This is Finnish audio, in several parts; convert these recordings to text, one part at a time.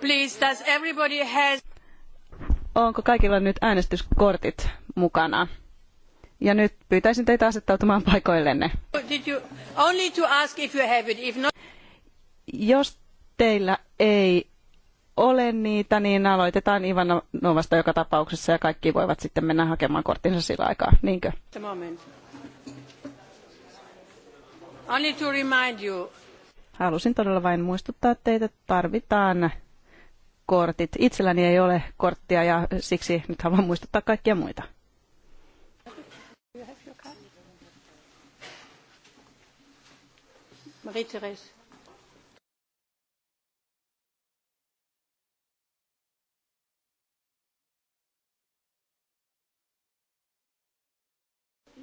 Please, does everybody has... Onko kaikilla nyt äänestyskortit mukana? Ja nyt pyytäisin teitä asettautumaan paikoillenne. You... Not... Jos teillä ei ole niitä, niin aloitetaan Ivan Novasta joka tapauksessa ja kaikki voivat sitten mennä hakemaan korttinsa sillä aikaa, niinkö? Halusin todella vain muistuttaa teitä, tarvitaan kortit. Itselläni ei ole korttia ja siksi nyt haluan muistuttaa kaikkia muita. Marie-Thérèse.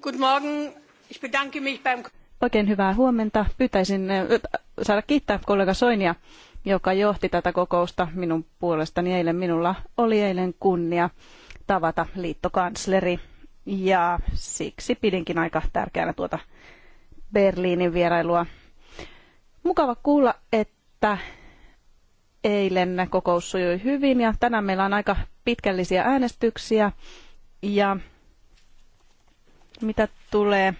Guten Morgen. Ich bedanke mich beim Oikein hyvää huomenta. Pyytäisin äh, saada kiittää kollega Soinia joka johti tätä kokousta minun puolestani eilen. Minulla oli eilen kunnia tavata liittokansleri ja siksi pidinkin aika tärkeänä tuota Berliinin vierailua. Mukava kuulla, että eilen kokous sujui hyvin ja tänään meillä on aika pitkällisiä äänestyksiä ja mitä tulee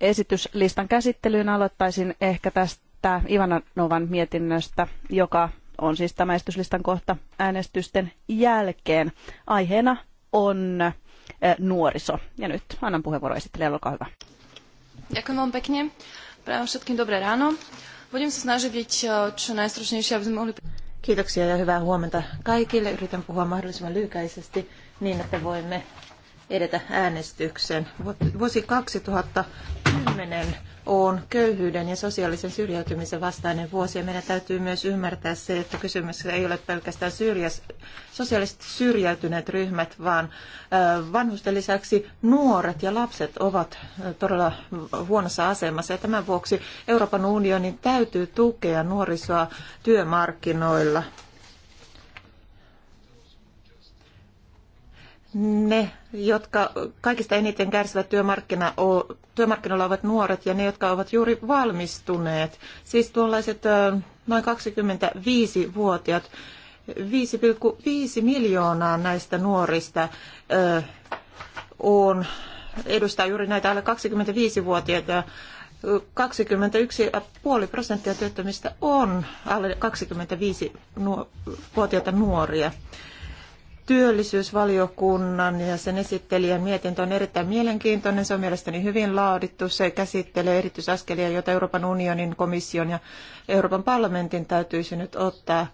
esityslistan käsittelyyn, aloittaisin ehkä tästä päättää Ivanovan mietinnöstä, joka on siis tämä esityslistan kohta äänestysten jälkeen. Aiheena on eh, nuoriso. Ja nyt annan puheenvuoro esittelijälle, olkaa hyvä. Ďakujem vám pekne. Prajem všetkým dobré ráno. Budem sa snažiť byť eh, čo najstručnejšie, aby sme mohli... Kiitoksia ja hyvää huomenta kaikille. Yritän puhua mahdollisimman lyhykäisesti niin, että voimme edetä äänestykseen. Vuosi 2000 2010 on köyhyyden ja sosiaalisen syrjäytymisen vastainen vuosi ja meidän täytyy myös ymmärtää se, että kysymys ei ole pelkästään syrjäs, sosiaalisesti syrjäytyneet ryhmät, vaan vanhusten lisäksi nuoret ja lapset ovat todella huonossa asemassa ja tämän vuoksi Euroopan unionin täytyy tukea nuorisoa työmarkkinoilla ne, jotka kaikista eniten kärsivät työmarkkina, työmarkkinoilla ovat nuoret ja ne, jotka ovat juuri valmistuneet. Siis tuollaiset noin 25-vuotiaat, 5,5 miljoonaa näistä nuorista on, edustaa juuri näitä alle 25-vuotiaita. 21,5 prosenttia työttömistä on alle 25-vuotiaita nuoria. Työllisyysvaliokunnan ja sen esittelijän mietintö on erittäin mielenkiintoinen. Se on mielestäni hyvin laadittu. Se käsittelee erityisaskelia, joita Euroopan unionin komission ja Euroopan parlamentin täytyisi nyt ottaa.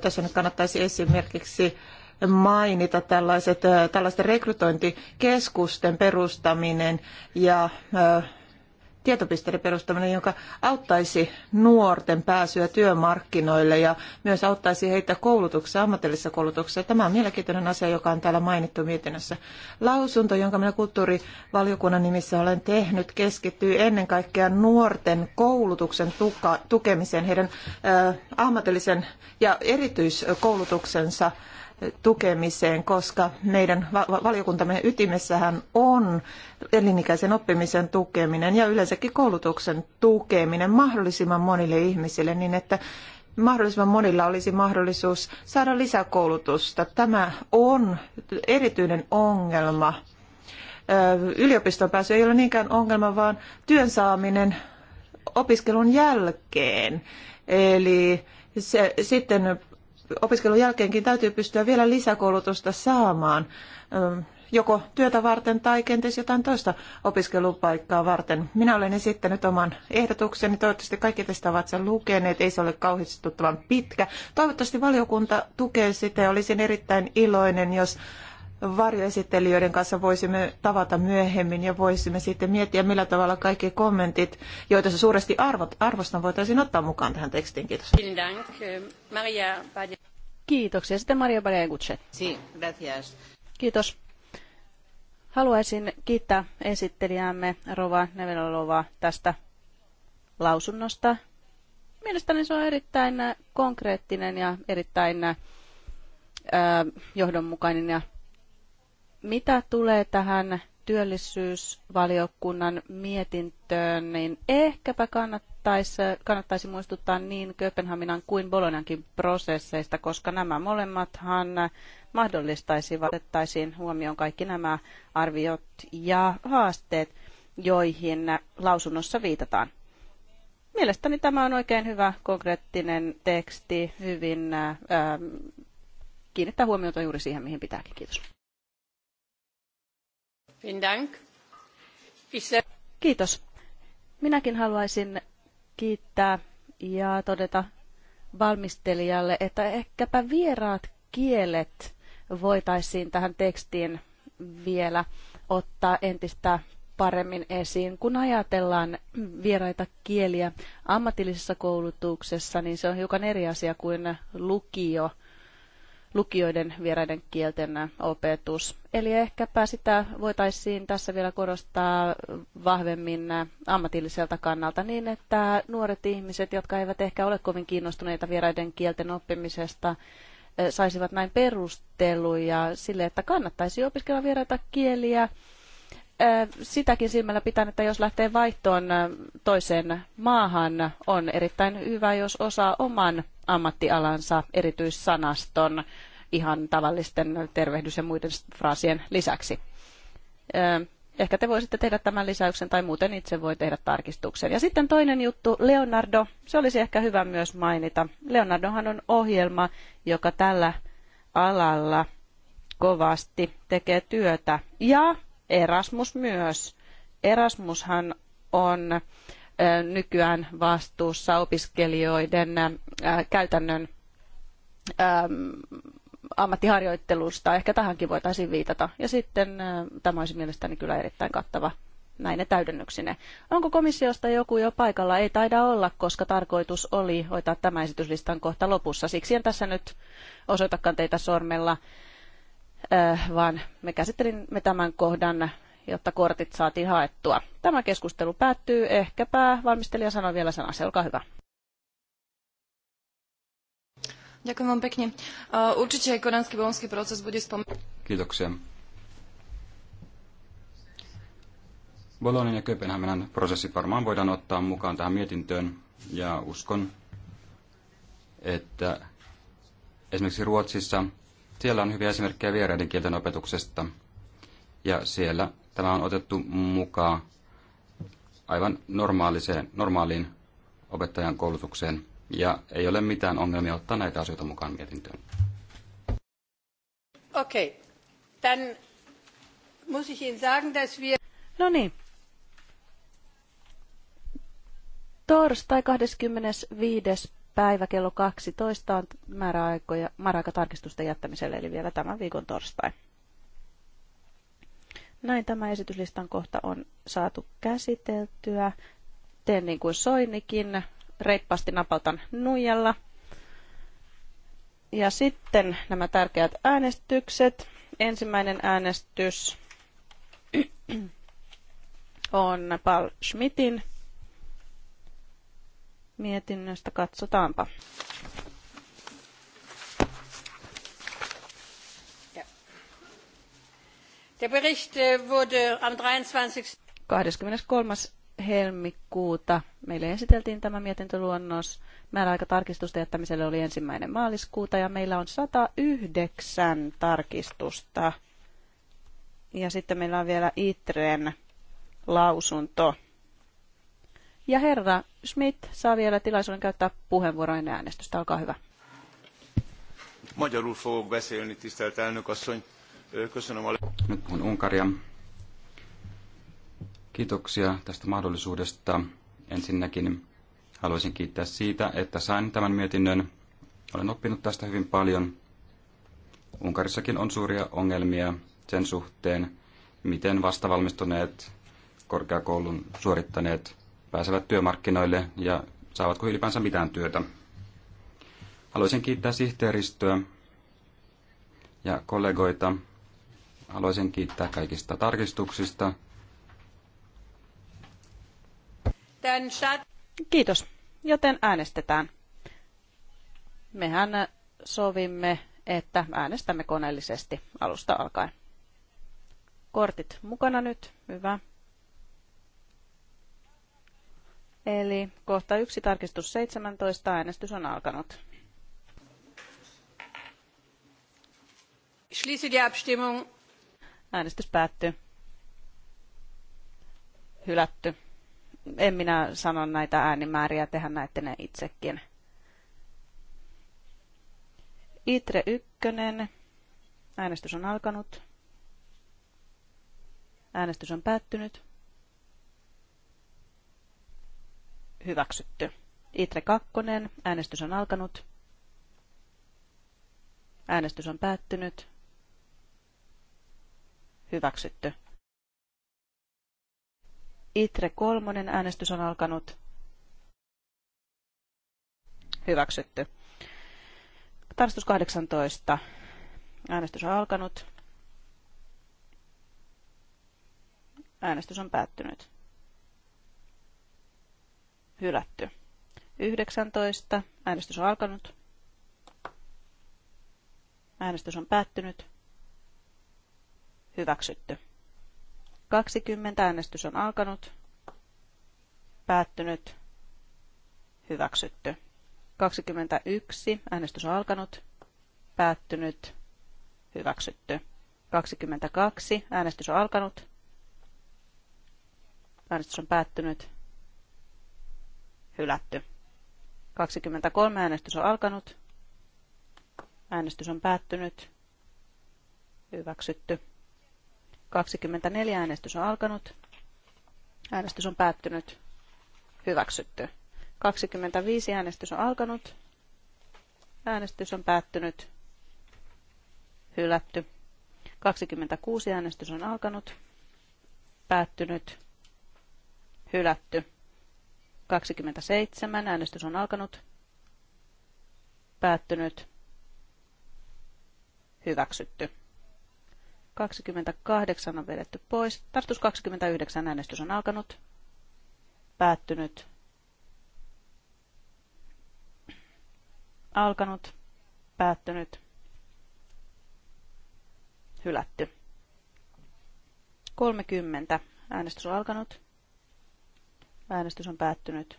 Tässä nyt kannattaisi esimerkiksi mainita tällaiset, tällaisten rekrytointikeskusten perustaminen ja tietopisteiden perustaminen, joka auttaisi nuorten pääsyä työmarkkinoille ja myös auttaisi heitä koulutuksessa, ammatillisessa koulutuksessa. Tämä on mielenkiintoinen asia, joka on täällä mainittu mietinnössä. Lausunto, jonka minä kulttuurivaliokunnan nimissä olen tehnyt, keskittyy ennen kaikkea nuorten koulutuksen tuka, tukemiseen, heidän ä, ammatillisen ja erityiskoulutuksensa tukemiseen, koska meidän valiokuntamme ytimessähän on elinikäisen oppimisen tukeminen ja yleensäkin koulutuksen tukeminen mahdollisimman monille ihmisille niin, että mahdollisimman monilla olisi mahdollisuus saada lisäkoulutusta. Tämä on erityinen ongelma. Yliopiston pääsy ei ole niinkään ongelma, vaan työn saaminen opiskelun jälkeen. Eli se, sitten opiskelun jälkeenkin täytyy pystyä vielä lisäkoulutusta saamaan, ähm, joko työtä varten tai kenties jotain toista opiskelupaikkaa varten. Minä olen esittänyt oman ehdotukseni, toivottavasti kaikki tästä ovat sen lukeneet, ei se ole kauhistuttavan pitkä. Toivottavasti valiokunta tukee sitä ja olisin erittäin iloinen, jos varjoesittelijöiden kanssa voisimme tavata myöhemmin ja voisimme sitten miettiä, millä tavalla kaikki kommentit, joita se suuresti arvot, arvostan, voitaisiin ottaa mukaan tähän tekstiin. Kiitos. Maria Kiitoksia. Sitten Maria Bareguche. gracias. Kiitos. Haluaisin kiittää esittelijäämme Rova Nevelolovaa tästä lausunnosta. Mielestäni se on erittäin äh, konkreettinen ja erittäin äh, johdonmukainen. Ja mitä tulee tähän työllisyysvaliokunnan mietintöön, niin ehkäpä kannattaa kannattaisi, kannattaisi muistuttaa niin Kööpenhaminan kuin Bolognankin prosesseista, koska nämä molemmathan mahdollistaisivat, otettaisiin huomioon kaikki nämä arviot ja haasteet, joihin lausunnossa viitataan. Mielestäni tämä on oikein hyvä konkreettinen teksti, hyvin ähm, kiinnittää huomiota juuri siihen, mihin pitääkin. Kiitos. Kiitos. Minäkin haluaisin kiittää ja todeta valmistelijalle, että ehkäpä vieraat kielet voitaisiin tähän tekstiin vielä ottaa entistä paremmin esiin. Kun ajatellaan vieraita kieliä ammatillisessa koulutuksessa, niin se on hiukan eri asia kuin lukio lukijoiden vieraiden kielten opetus. Eli ehkäpä sitä voitaisiin tässä vielä korostaa vahvemmin ammatilliselta kannalta niin, että nuoret ihmiset, jotka eivät ehkä ole kovin kiinnostuneita vieraiden kielten oppimisesta, eh, saisivat näin perusteluja sille, että kannattaisi opiskella vieraita kieliä sitäkin silmällä pitää, että jos lähtee vaihtoon toiseen maahan, on erittäin hyvä, jos osaa oman ammattialansa erityissanaston ihan tavallisten tervehdys- ja muiden fraasien lisäksi. Ehkä te voisitte tehdä tämän lisäyksen tai muuten itse voi tehdä tarkistuksen. Ja sitten toinen juttu, Leonardo, se olisi ehkä hyvä myös mainita. Leonardohan on ohjelma, joka tällä alalla kovasti tekee työtä. Ja Erasmus myös. Erasmushan on nykyään vastuussa opiskelijoiden käytännön ammattiharjoittelusta. Ehkä tähänkin voitaisiin viitata. Ja sitten tämä olisi mielestäni kyllä erittäin kattava ne täydennyksine. Onko komissiosta joku jo paikalla? Ei taida olla, koska tarkoitus oli hoitaa tämä esityslistan kohta lopussa. Siksi en tässä nyt osoitakaan teitä sormella. Äh, vaan me käsittelimme tämän kohdan, jotta kortit saatiin haettua. Tämä keskustelu päättyy. Ehkäpä valmistelija sanoi vielä Se Olkaa hyvä. Äh, Kiitoksia. Bolonin ja Kööpenhaminan prosessi varmaan voidaan ottaa mukaan tähän mietintöön ja uskon, että esimerkiksi Ruotsissa siellä on hyviä esimerkkejä vieraiden kielten opetuksesta. Ja siellä tämä on otettu mukaan aivan normaaliseen, normaaliin opettajan koulutukseen. Ja ei ole mitään ongelmia ottaa näitä asioita mukaan mietintöön. Okei. Okay. muss ich Ihnen sagen, dass wir... No niin, torstai 25 päivä kello 12 on määräaikoja, määräaika tarkistusten jättämiselle, eli vielä tämän viikon torstai. Näin tämä esityslistan kohta on saatu käsiteltyä. Teen niin kuin Soinikin, reippaasti napautan nuijalla. Ja sitten nämä tärkeät äänestykset. Ensimmäinen äänestys on Paul Schmidtin mietinnöstä. Katsotaanpa. Der Bericht äh, wurde am 23. 23. helmikuuta meille esiteltiin tämä mietintöluonnos. tarkistusta jättämiselle oli ensimmäinen maaliskuuta ja meillä on 109 tarkistusta. Ja sitten meillä on vielä ITREn lausunto. Ja herra Schmidt saa vielä tilaisuuden käyttää puheenvuorojen äänestystä. Olkaa hyvä. Magyarul fogok beszélni, tisztelt elnök asszony. Köszönöm a... Nyt on Unkaria. Kiitoksia tästä mahdollisuudesta. Ensinnäkin haluaisin kiittää siitä, että sain tämän mietinnön. Olen oppinut tästä hyvin paljon. Unkarissakin on suuria ongelmia sen suhteen, miten vastavalmistuneet korkeakoulun suorittaneet pääsevät työmarkkinoille ja saavatko ylipäänsä mitään työtä. Haluaisin kiittää sihteeristöä ja kollegoita. Haluaisin kiittää kaikista tarkistuksista. Kiitos. Joten äänestetään. Mehän sovimme, että äänestämme koneellisesti alusta alkaen. Kortit mukana nyt. Hyvä. Eli kohta yksi tarkistus 17. Äänestys on alkanut. Schließe die Abstimmung. Äänestys päättyy. Hylätty. En minä sano näitä äänimääriä, tehän näette ne itsekin. Itre ykkönen. Äänestys on alkanut. Äänestys on päättynyt. hyväksytty. Itre 2, äänestys on alkanut. Äänestys on päättynyt. Hyväksytty. Itre 3, äänestys on alkanut. Hyväksytty. Tarkastus 18. Äänestys on alkanut. Äänestys on päättynyt. Hylätty. 19. Äänestys on alkanut. Äänestys on päättynyt. Hyväksytty. 20. Äänestys on alkanut. Päättynyt. Hyväksytty. 21. Äänestys on alkanut. Päättynyt. Hyväksytty. 22. Äänestys on alkanut. Äänestys on päättynyt hylätty. 23 äänestys on alkanut. Äänestys on päättynyt. Hyväksytty. 24 äänestys on alkanut. Äänestys on päättynyt. Hyväksytty. 25 äänestys on alkanut. Äänestys on päättynyt. Hylätty. 26 äänestys on alkanut. Päättynyt. Hylätty. 27. Äänestys on alkanut. Päättynyt. Hyväksytty. 28 on vedetty pois. Tartus 29. Äänestys on alkanut. Päättynyt. Alkanut. Päättynyt. Hylätty. 30. Äänestys on alkanut Äänestys on päättynyt.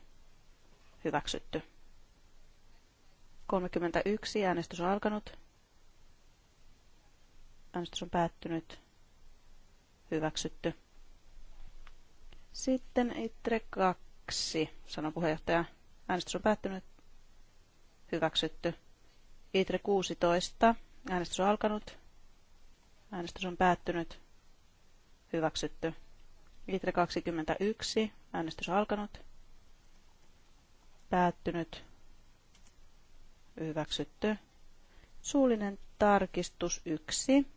Hyväksytty. 31. Äänestys on alkanut. Äänestys on päättynyt. Hyväksytty. Sitten ITRE 2, sanoi puheenjohtaja. Äänestys on päättynyt. Hyväksytty. ITRE 16. Äänestys on alkanut. Äänestys on päättynyt. Hyväksytty. ITRE 21. Äänestys alkanut. Päättynyt. Hyväksytty. Suullinen tarkistus 1.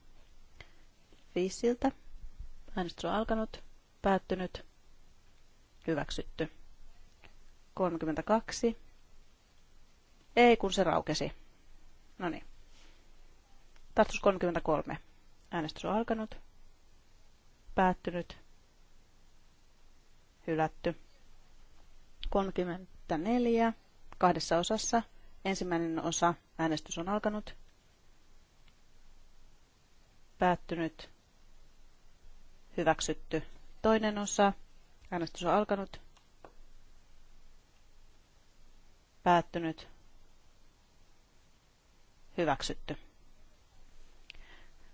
Viisiltä. Äänestys on alkanut. Päättynyt. Hyväksytty. 32. Ei, kun se raukesi. No niin. Tarkistus 33. Äänestys on alkanut. Päättynyt hylätty. 34 kahdessa osassa. Ensimmäinen osa äänestys on alkanut. Päättynyt. Hyväksytty. Toinen osa. Äänestys on alkanut. Päättynyt. Hyväksytty.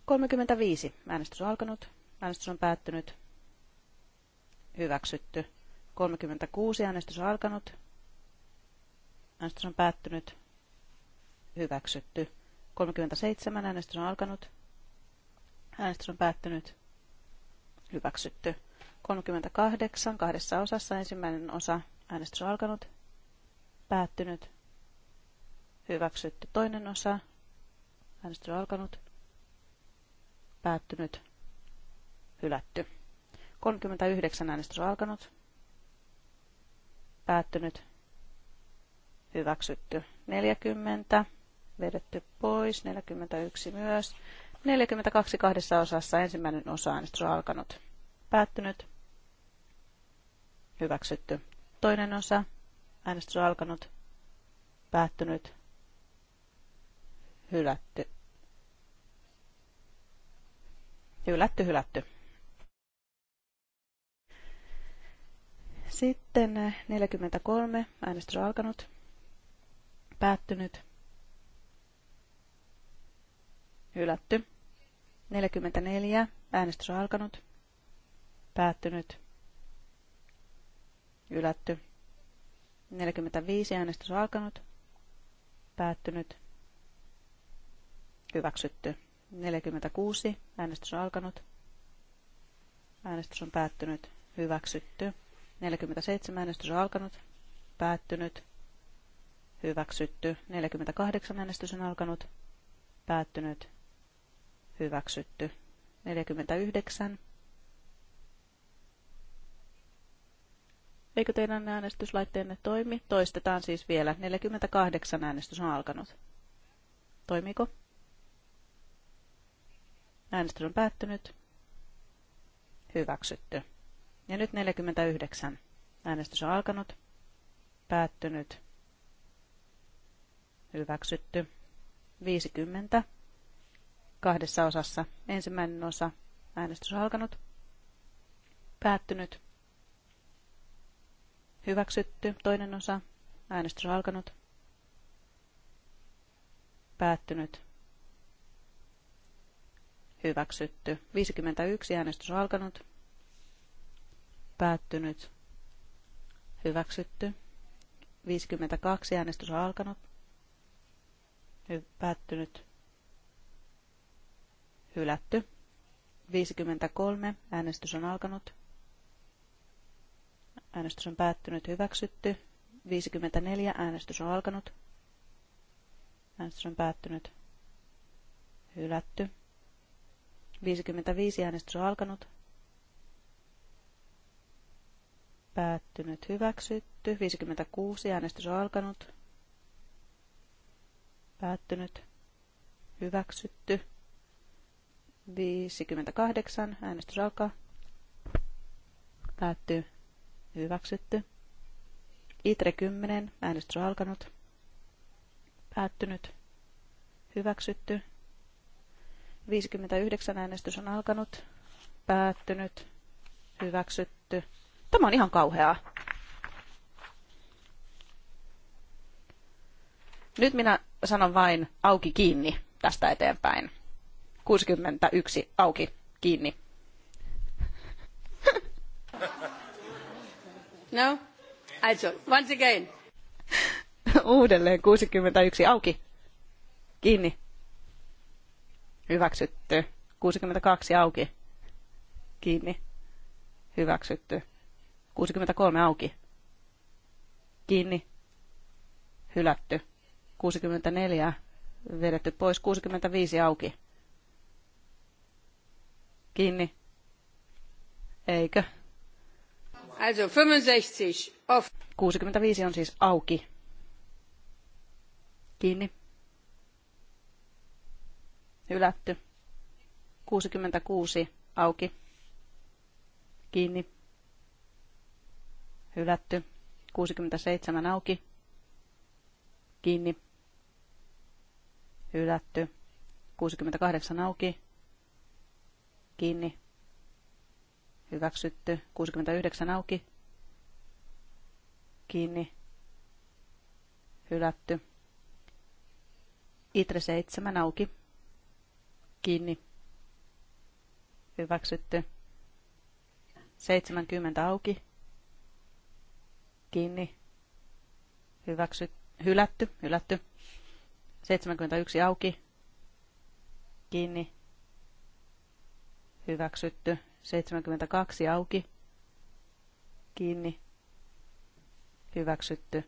35. Äänestys on alkanut. Äänestys on päättynyt hyväksytty. 36 äänestys on alkanut. Äänestys on päättynyt. Hyväksytty. 37 äänestys on alkanut. Äänestys on päättynyt. Hyväksytty. 38 kahdessa osassa ensimmäinen osa. Äänestys on alkanut. Päättynyt. Hyväksytty toinen osa. Äänestys on alkanut. Päättynyt. Hylätty. 39 äänestys on alkanut. Päättynyt. Hyväksytty. 40. Vedetty pois. 41 myös. 42 kahdessa osassa ensimmäinen osa äänestys on alkanut. Päättynyt. Hyväksytty. Toinen osa. Äänestys on alkanut. Päättynyt. Hylätty. Hylätty, hylätty. Sitten 43, äänestys on alkanut, päättynyt, hylätty. 44, äänestys on alkanut, päättynyt, hylätty. 45, äänestys on alkanut, päättynyt, hyväksytty. 46, äänestys on alkanut, äänestys on päättynyt, hyväksytty. 47 äänestys on alkanut, päättynyt, hyväksytty. 48 äänestys on alkanut, päättynyt, hyväksytty. 49. Eikö teidän äänestyslaitteenne toimi? Toistetaan siis vielä. 48 äänestys on alkanut. toimiko? Äänestys on päättynyt. Hyväksytty. Ja nyt 49. Äänestys on alkanut. Päättynyt. Hyväksytty. 50. Kahdessa osassa. Ensimmäinen osa. Äänestys on alkanut. Päättynyt. Hyväksytty. Toinen osa. Äänestys on alkanut. Päättynyt. Hyväksytty. 51. Äänestys on alkanut päättynyt, hyväksytty. 52 äänestys on alkanut, hy- päättynyt, hylätty. 53 äänestys on alkanut, äänestys on päättynyt, hyväksytty. 54 äänestys on alkanut, äänestys on päättynyt, hylätty. 55 äänestys on alkanut, päättynyt, hyväksytty. 56, äänestys on alkanut, päättynyt, hyväksytty. 58, äänestys alkaa, päättyy, hyväksytty. ITRE 10, äänestys on alkanut, päättynyt, hyväksytty. 59 äänestys on alkanut, päättynyt, hyväksytty. Tämä on ihan kauheaa. Nyt minä sanon vain auki kiinni tästä eteenpäin. 61 auki kiinni. No? Also, once again. Uudelleen 61 auki. Kiinni. Hyväksytty. 62 auki. Kiinni. Hyväksytty. 63 auki. Kiinni. Hylätty. 64 vedetty pois. 65 auki. Kiinni. Eikö? Also 65 off. 65 on siis auki. Kiinni. Hylätty. 66 auki. Kiinni hylätty. 67 auki, kiinni, hylätty. 68 auki, kiinni, hyväksytty. 69 auki, kiinni, hylätty. Itre 7 auki, kiinni, hyväksytty. 70 auki, kiinni, hyväksy, hylätty, hylätty, 71 auki, kiinni, hyväksytty, 72 auki, kiinni, hyväksytty,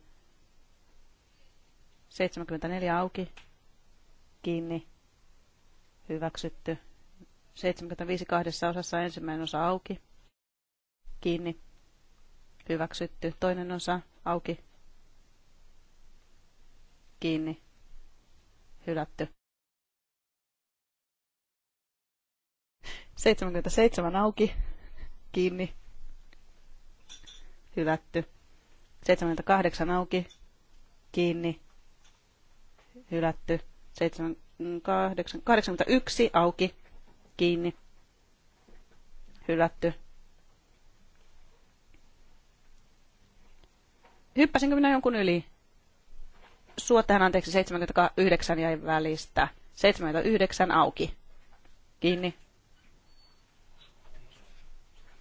74 auki, kiinni, hyväksytty, 75 kahdessa osassa ensimmäinen osa auki, kiinni, hyväksytty. Toinen osa auki, kiinni, hylätty. 77 auki, kiinni, hylätty. 78 auki, kiinni, hylätty. 7, 81 auki, kiinni, hylätty. Hyppäsinkö minä jonkun yli? Suottehan anteeksi 79 jäi välistä. 79 auki. Kiinni.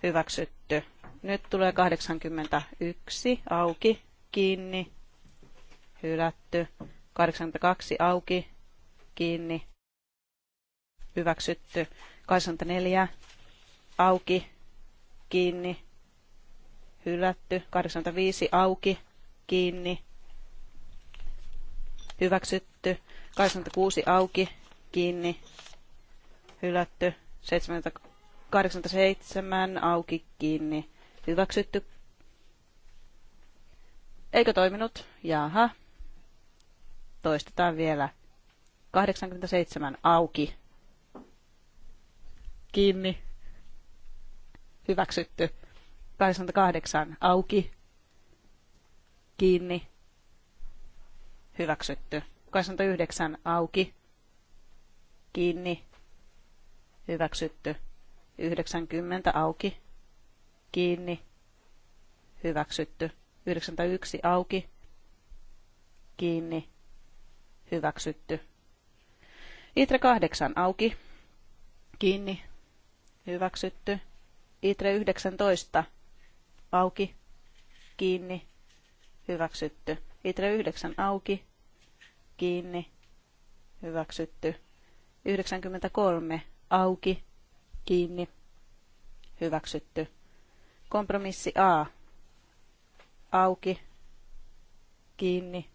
Hyväksytty. Nyt tulee 81 auki, kiinni, hylätty. 82 auki, kiinni, hyväksytty. 84 auki, kiinni, hylätty, 85 auki, kiinni, hyväksytty, 86 auki, kiinni, hylätty, 87 auki, kiinni, hyväksytty. Eikö toiminut? Jaha. Toistetaan vielä. 87 auki, kiinni, hyväksytty kahdeksan auki, kiinni, hyväksytty. yhdeksän auki, kiinni, hyväksytty. 90 auki, kiinni, hyväksytty. 91 auki, kiinni, hyväksytty. Itre 8 auki, kiinni, hyväksytty. Itre 19 auki, kiinni, hyväksytty. Itre 9 auki, kiinni, hyväksytty. 93 auki, kiinni, hyväksytty. Kompromissi A auki, kiinni.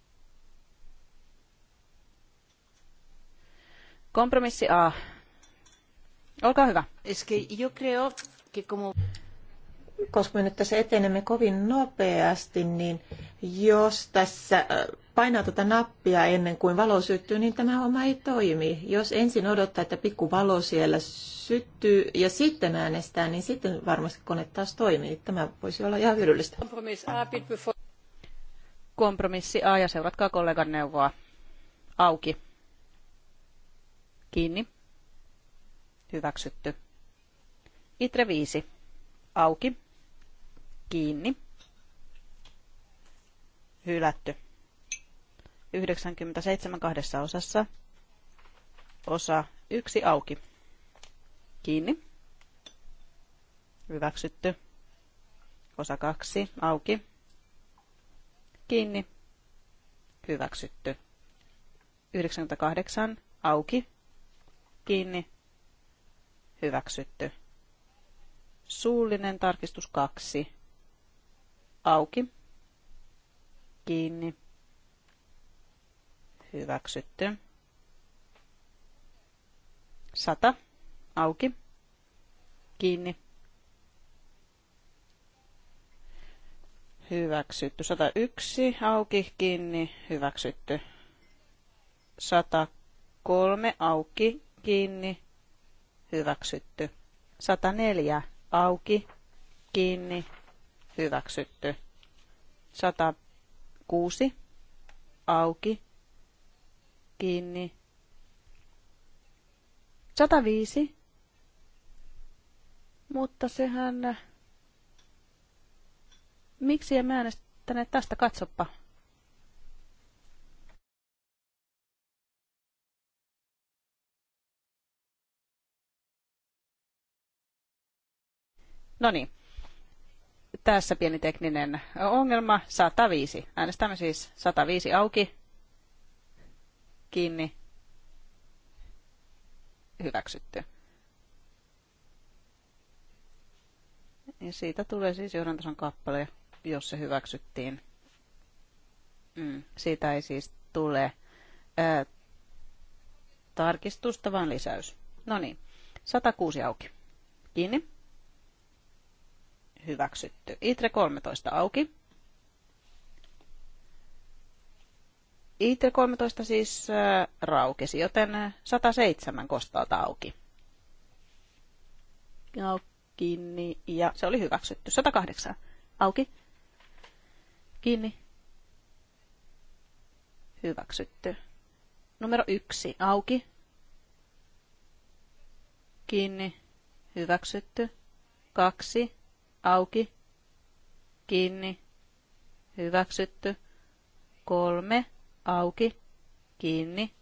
Kompromissi A. Olkaa hyvä. Es que yo creo que como koska me nyt tässä etenemme kovin nopeasti, niin jos tässä äh, painaa tätä tuota nappia ennen kuin valo syttyy, niin tämä homma ei toimi. Jos ensin odottaa, että pikku valo siellä syttyy ja sitten äänestää, niin sitten varmasti kone taas toimii. Tämä voisi olla ihan hyödyllistä. Kompromissi A ja seuratkaa kollegan neuvoa. Auki. Kiinni. Hyväksytty. Itre 5. Auki kiinni. Hylätty. 97 kahdessa osassa. Osa 1 auki. Kiinni. Hyväksytty. Osa 2 auki. Kiinni. Hyväksytty. 98 auki. Kiinni. Hyväksytty. Suullinen tarkistus 2 Auki. Kiinni. Hyväksytty. Sata. Auki. Kiinni. Hyväksytty. sata yksi Auki. Kiinni. Hyväksytty. sata kolme Auki. Kiinni. Hyväksytty. sata neljä Auki. Kiinni hyväksytty. 106 auki, kiinni. 105, mutta sehän... Miksi en äänestänyt tästä? Katsoppa. No niin, tässä pieni tekninen ongelma. 105. Äänestämme siis 105 auki. Kiinni. Hyväksytty. Ja siitä tulee siis johdantason kappale, jos se hyväksyttiin. Mm, siitä ei siis tule ää, tarkistusta, vaan lisäys. No niin, 106 auki. Kiinni hyväksytty. ITRE 13 auki. ITRE 13 siis äh, raukesi, joten 107 äh, kostalta auki. Kiinni ja se oli hyväksytty. 108 auki. Kiinni. Hyväksytty. Numero 1 auki. Kiinni. Hyväksytty. Kaksi auki, kiinni, hyväksytty. Kolme, auki, kiinni,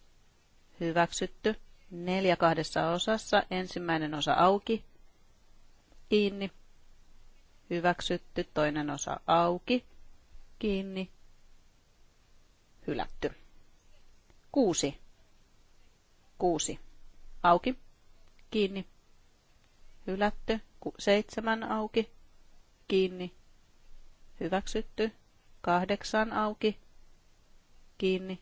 hyväksytty. Neljä kahdessa osassa, ensimmäinen osa auki, kiinni, hyväksytty. Toinen osa auki, kiinni, hylätty. Kuusi, kuusi, auki, kiinni, hylätty. Ku- seitsemän auki, kiinni, hyväksytty. Kahdeksan auki, kiinni,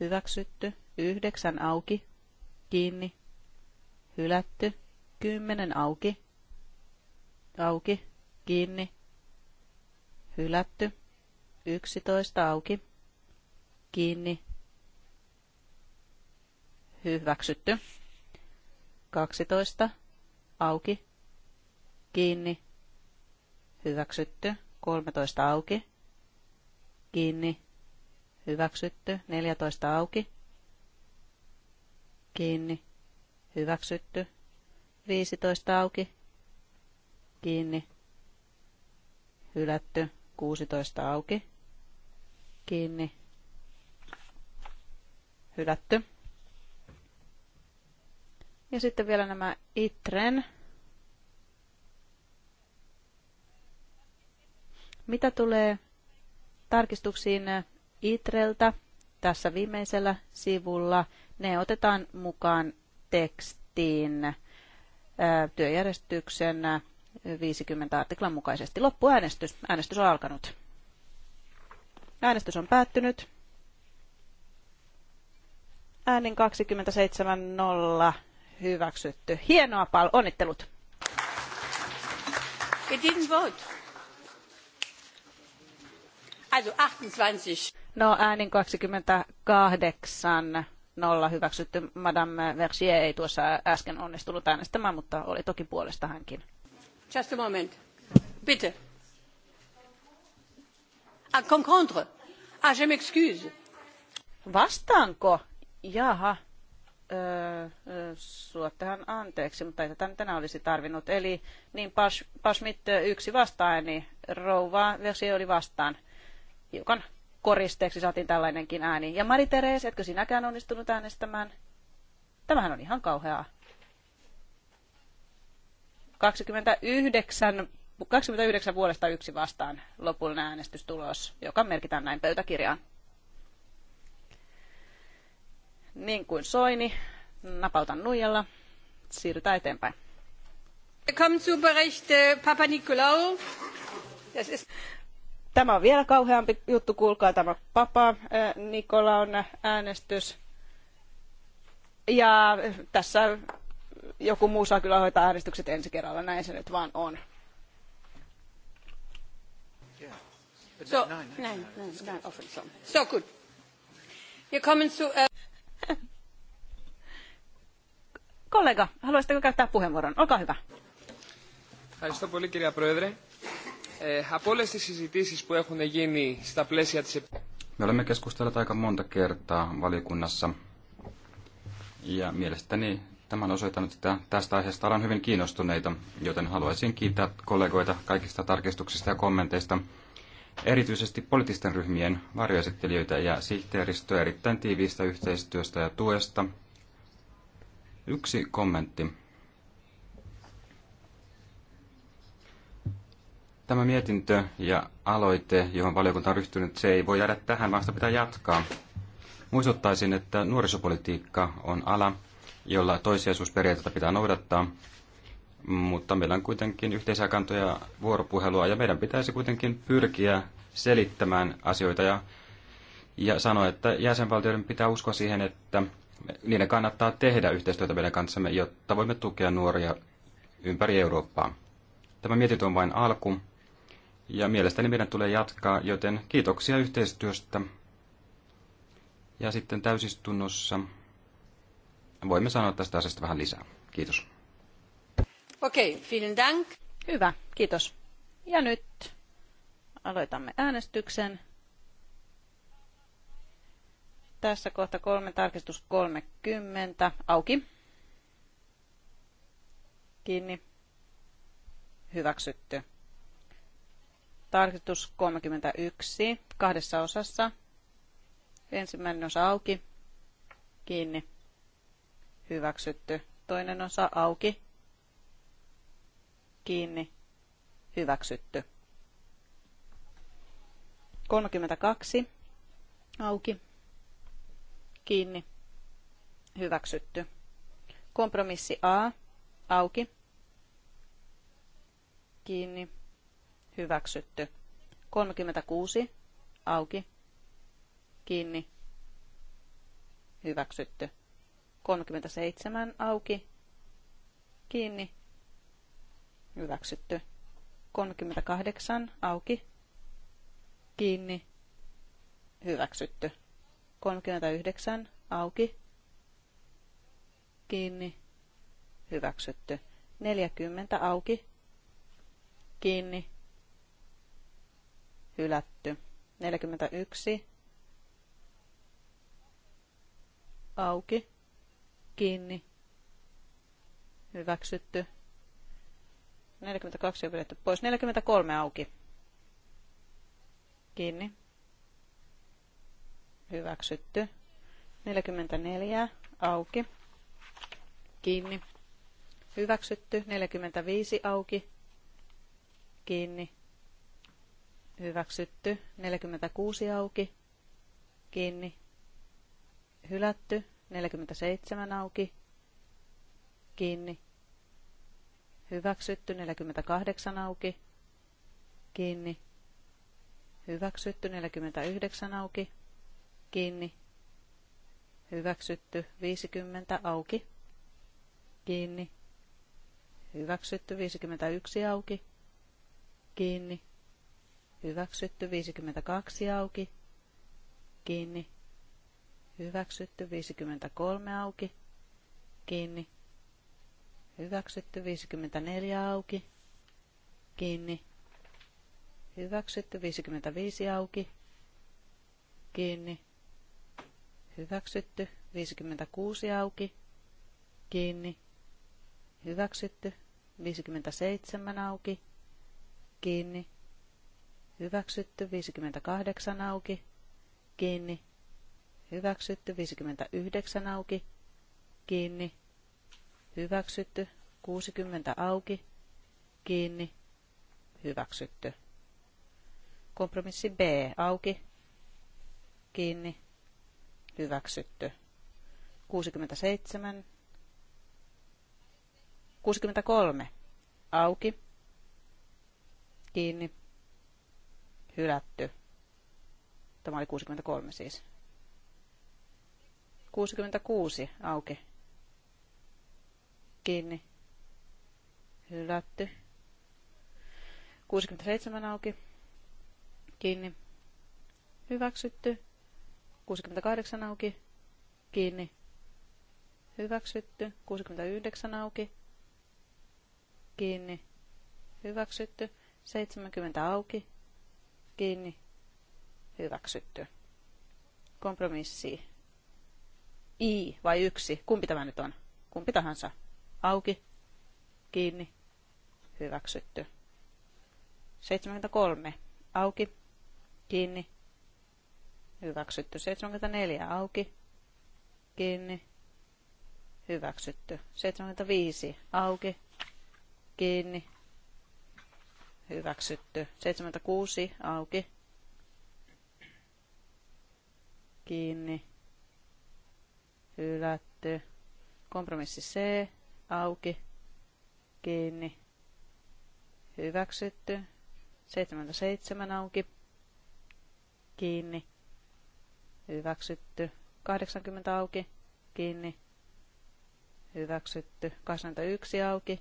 hyväksytty. Yhdeksän auki, kiinni, hylätty. Kymmenen auki, auki, kiinni, hylätty. Yksitoista auki, kiinni, hyväksytty. kaksitoista, Auki. Kiinni hyväksytty, 13 auki, kiinni, hyväksytty, 14 auki, kiinni, hyväksytty, 15 auki, kiinni, hylätty, 16 auki, kiinni, hylätty. Ja sitten vielä nämä ITREN Mitä tulee tarkistuksiin ITRELtä tässä viimeisellä sivulla, ne otetaan mukaan tekstiin työjärjestyksen 50 artiklan mukaisesti. Loppuäänestys. Äänestys on alkanut. Äänestys on päättynyt. Äänin 27.0 hyväksytty. Hienoa pal. Onnittelut. It didn't vote. Also 28. No äänin 28 nolla hyväksytty. Madame Versier ei tuossa äsken onnistunut äänestämään, mutta oli toki puolesta hänkin. Just a moment. Bitte. Ah, contre. Ah, je m'excuse. Vastaanko? Jaha. Öö, öö, suottehan anteeksi, mutta ei tätä nyt enää olisi tarvinnut. Eli niin Pasmit pas yksi vastaani, rouva Versier oli vastaan hiukan koristeeksi saatiin tällainenkin ääni. Ja Mari Terees, etkö sinäkään onnistunut äänestämään? Tämähän on ihan kauheaa. 29, 29 vuodesta yksi vastaan lopullinen äänestystulos, joka merkitään näin pöytäkirjaan. Niin kuin soini, napautan nuijalla. Siirrytään eteenpäin. Willkommen zu Bericht äh, Papa Nikolaou. Tämä on vielä kauheampi juttu, kuulkaa tämä Papa äh, Nikolaon äänestys. Ja tässä joku muu saa kyllä hoitaa äänestykset ensi kerralla, näin se nyt vaan on. So, näin, näin, näin, näin, So good. Wir kommen uh, Kollega, haluaisitteko käyttää puheenvuoron? Olkaa hyvä. Ευχαριστώ πολύ κυρία από που έχουν γίνει στα πλαίσια Me olemme keskustelleet aika monta kertaa valiokunnassa ja mielestäni tämä on osoittanut, että tästä aiheesta ollaan hyvin kiinnostuneita, joten haluaisin kiittää kollegoita kaikista tarkistuksista ja kommenteista, erityisesti poliittisten ryhmien varjoesittelijöitä ja sihteeristöä erittäin tiiviistä yhteistyöstä ja tuesta. Yksi kommentti Tämä mietintö ja aloite, johon valiokunta on ryhtynyt, se ei voi jäädä tähän, vaan sitä pitää jatkaa. Muistuttaisin, että nuorisopolitiikka on ala, jolla toissijaisuusperiaatetta pitää noudattaa, mutta meillä on kuitenkin yhteisiä kantoja vuoropuhelua ja meidän pitäisi kuitenkin pyrkiä selittämään asioita ja, ja sanoa, että jäsenvaltioiden pitää uskoa siihen, että niiden kannattaa tehdä yhteistyötä meidän kanssamme, jotta voimme tukea nuoria ympäri Eurooppaa. Tämä mietintö on vain alku ja mielestäni meidän tulee jatkaa, joten kiitoksia yhteistyöstä. Ja sitten täysistunnossa voimme sanoa tästä asiasta vähän lisää. Kiitos. Okei, okay, vielen dank. Hyvä, kiitos. Ja nyt aloitamme äänestyksen. Tässä kohta kolme, tarkistus 30. Auki. Kiinni. Hyväksytty. Tarkistus 31 kahdessa osassa. Ensimmäinen osa auki, kiinni, hyväksytty. Toinen osa auki, kiinni, hyväksytty. 32 auki, kiinni, hyväksytty. Kompromissi A auki, kiinni, hyväksytty. 36 auki, kiinni, hyväksytty. 37 auki, kiinni, hyväksytty. 38 auki, kiinni, hyväksytty. 39 auki, kiinni, hyväksytty. 40 auki, kiinni, hylätty. 41 auki, kiinni, hyväksytty. 42 on pidetty pois. 43 auki, kiinni, hyväksytty. 44 auki, kiinni, hyväksytty. 45 auki, kiinni, hyväksytty, 46 auki, kiinni, hylätty, 47 auki, kiinni, hyväksytty, 48 auki, kiinni, hyväksytty, 49 auki, kiinni, hyväksytty, 50 auki, kiinni, hyväksytty, 51 auki, kiinni, hyväksytty 52 auki, kiinni, hyväksytty 53 auki, kiinni, hyväksytty 54 auki, kiinni, hyväksytty 55 auki, kiinni, hyväksytty 56 auki, kiinni, hyväksytty 57 auki, kiinni, hyväksytty, 58 auki, kiinni, hyväksytty, 59 auki, kiinni, hyväksytty, 60 auki, kiinni, hyväksytty. Kompromissi B auki, kiinni, hyväksytty. 67, 63 auki, kiinni, hylätty. Tämä oli 63 siis. 66 auki. Kiinni. Hylätty. 67 auki. Kiinni. Hyväksytty. 68 auki. Kiinni. Hyväksytty. 69 auki. Kiinni. Hyväksytty. 70 auki kiinni, hyväksytty. Kompromissi I vai yksi, kumpi tämä nyt on? Kumpi tahansa. Auki, kiinni, hyväksytty. 73, auki, kiinni, hyväksytty. 74, auki, kiinni, hyväksytty. 75, auki, kiinni, hyväksytty. 76 auki. Kiinni. Hylätty. Kompromissi C auki. Kiinni. Hyväksytty. 77 auki. Kiinni. Hyväksytty. 80 auki. Kiinni. Hyväksytty. 81 auki.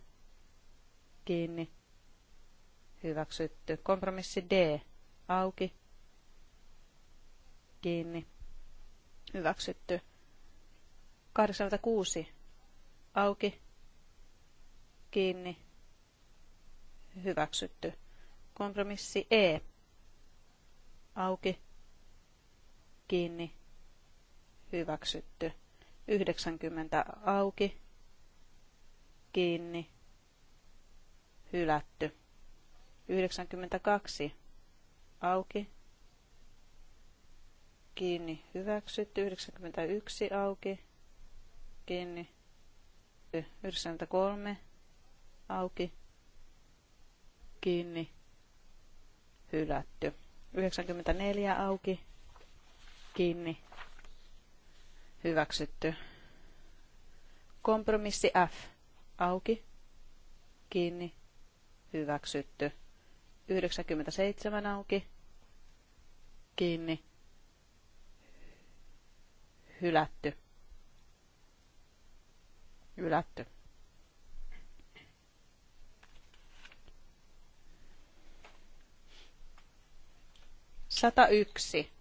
Kiinni hyväksytty. Kompromissi D auki, kiinni, hyväksytty. 86 auki, kiinni, hyväksytty. Kompromissi E auki, kiinni, hyväksytty. 90 auki, kiinni, hylätty. 92 auki, kiinni, hyväksyt. 91 auki, kiinni, 93 auki, kiinni, hylätty, 94 auki, kiinni, hyväksytty. Kompromissi F auki, kiinni, hyväksytty. 97 auki. Kiinni. Hylätty. Hylätty. Sata yksi.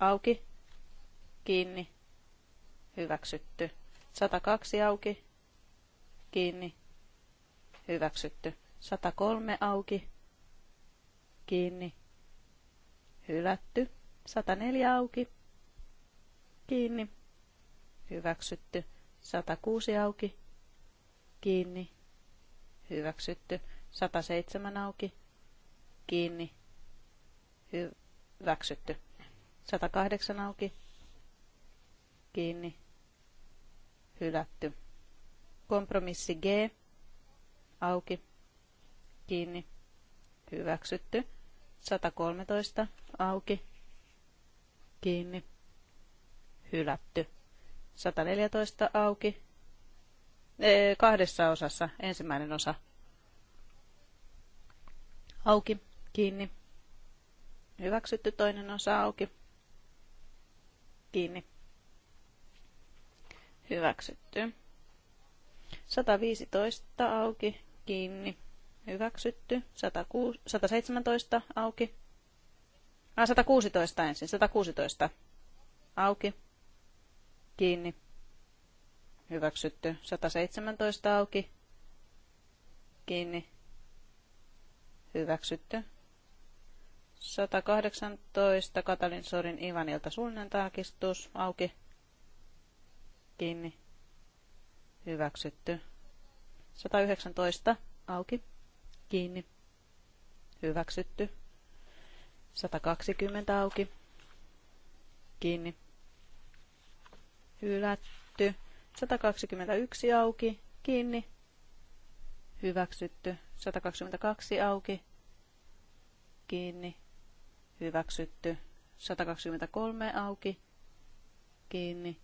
Auki. Kiinni. Hyväksytty. kaksi auki. Kiinni. Hyväksytty. kolme auki kiinni, hylätty. 104 auki, kiinni, hyväksytty. 106 auki, kiinni, hyväksytty. 107 auki, kiinni, hyväksytty. 108 auki, kiinni, hylätty. Kompromissi G, auki, kiinni, hyväksytty. 113 auki, kiinni, hylätty. 114 auki, ee, kahdessa osassa, ensimmäinen osa auki, kiinni, hyväksytty toinen osa auki, kiinni, hyväksytty. 115 auki, kiinni, hyväksytty. 106, 117 auki. Ah, 116 ensin. 116 auki. Kiinni. Hyväksytty. 117 auki. Kiinni. Hyväksytty. 118 Katalin Sorin Ivanilta suunnan tarkistus. Auki. Kiinni. Hyväksytty. 119 auki. Kiinni. Hyväksytty. 120 auki. Kiinni. Hylätty. 121 auki. Kiinni. Hyväksytty. 122 auki. Kiinni. Hyväksytty. 123 auki. Kiinni.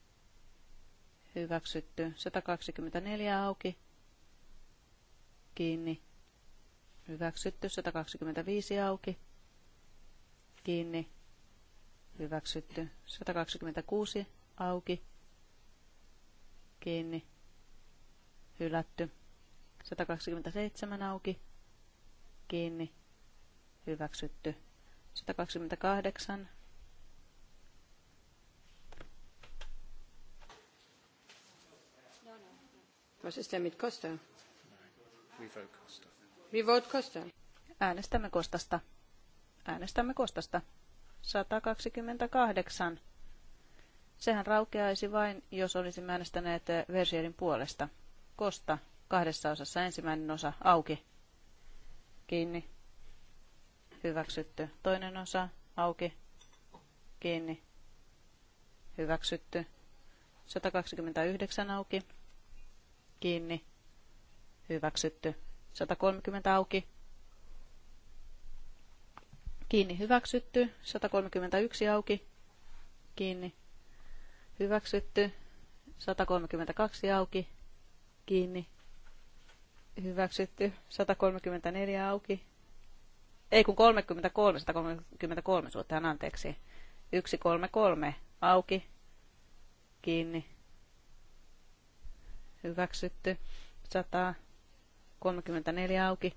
Hyväksytty. 124 auki. Kiinni Hyväksytty 125 auki. Kiinni. Hyväksytty 126 auki. Kiinni. Hylätty. 127 auki. Kiinni. Hyväksytty. 128 Was ist denn mit Costa? Revoke Costa. We vote Costa. Äänestämme Kostasta. Äänestämme Kostasta. 128. Sehän raukeaisi vain, jos olisimme äänestäneet Versierin puolesta. Kosta kahdessa osassa ensimmäinen osa auki, kiinni, hyväksytty. Toinen osa auki, kiinni, hyväksytty. 129 auki, kiinni, hyväksytty. 130 auki. Kiinni hyväksytty. 131 auki. Kiinni hyväksytty. 132 auki. Kiinni hyväksytty. 134 auki. Ei kun 33, 133 suotaan anteeksi. 133 auki. Kiinni hyväksytty. 100 34 auki.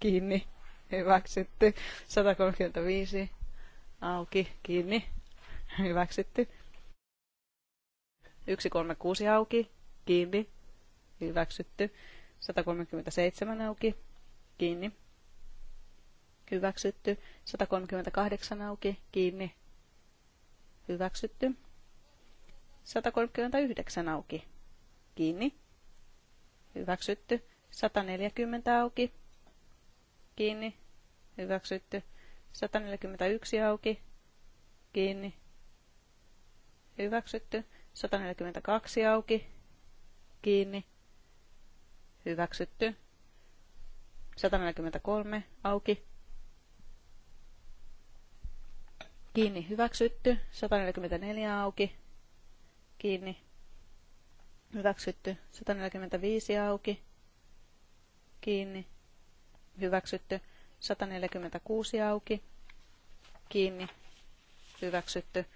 Kiinni. Hyväksytty. 135 auki. Kiinni. Hyväksytty. 136 auki. Kiinni. Hyväksytty. 137 auki. Kiinni. Hyväksytty. 138 auki. Kiinni. Hyväksytty. 139 auki. Kiinni. Hyväksytty. 140 auki. Kiinni. Hyväksytty. 141 auki. Kiinni. Hyväksytty. 142 auki. Kiinni. Hyväksytty. 143 auki. Kiinni hyväksytty. 144 auki. Kiinni hyväksytty. 145 auki, kiinni, hyväksytty. 146 auki, kiinni, hyväksytty.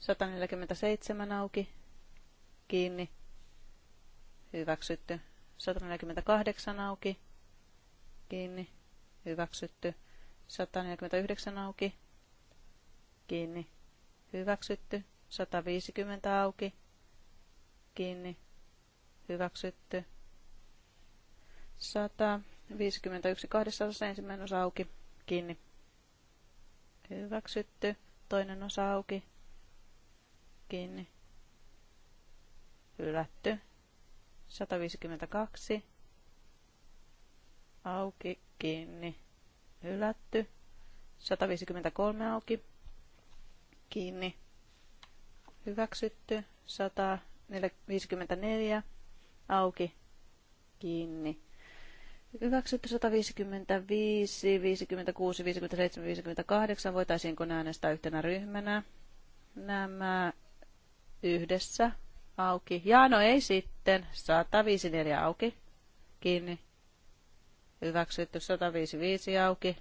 147 auki, kiinni, hyväksytty. 148 auki, kiinni, hyväksytty. 149 auki, kiinni, hyväksytty. 150 auki, kiinni, hyväksytty. 151 kahdessa ensimmäinen osa auki, kiinni. Hyväksytty. Toinen osa auki, kiinni. Hylätty. 152. Auki, kiinni. Hylätty. 153 auki, kiinni. Hyväksytty. 154 auki, kiinni. Hyväksytty 155, 56, 57, 58. Voitaisiinko ne äänestää yhtenä ryhmänä? Nämä yhdessä auki. Ja no ei sitten. 154 auki. Kiinni. Hyväksytty 155 auki.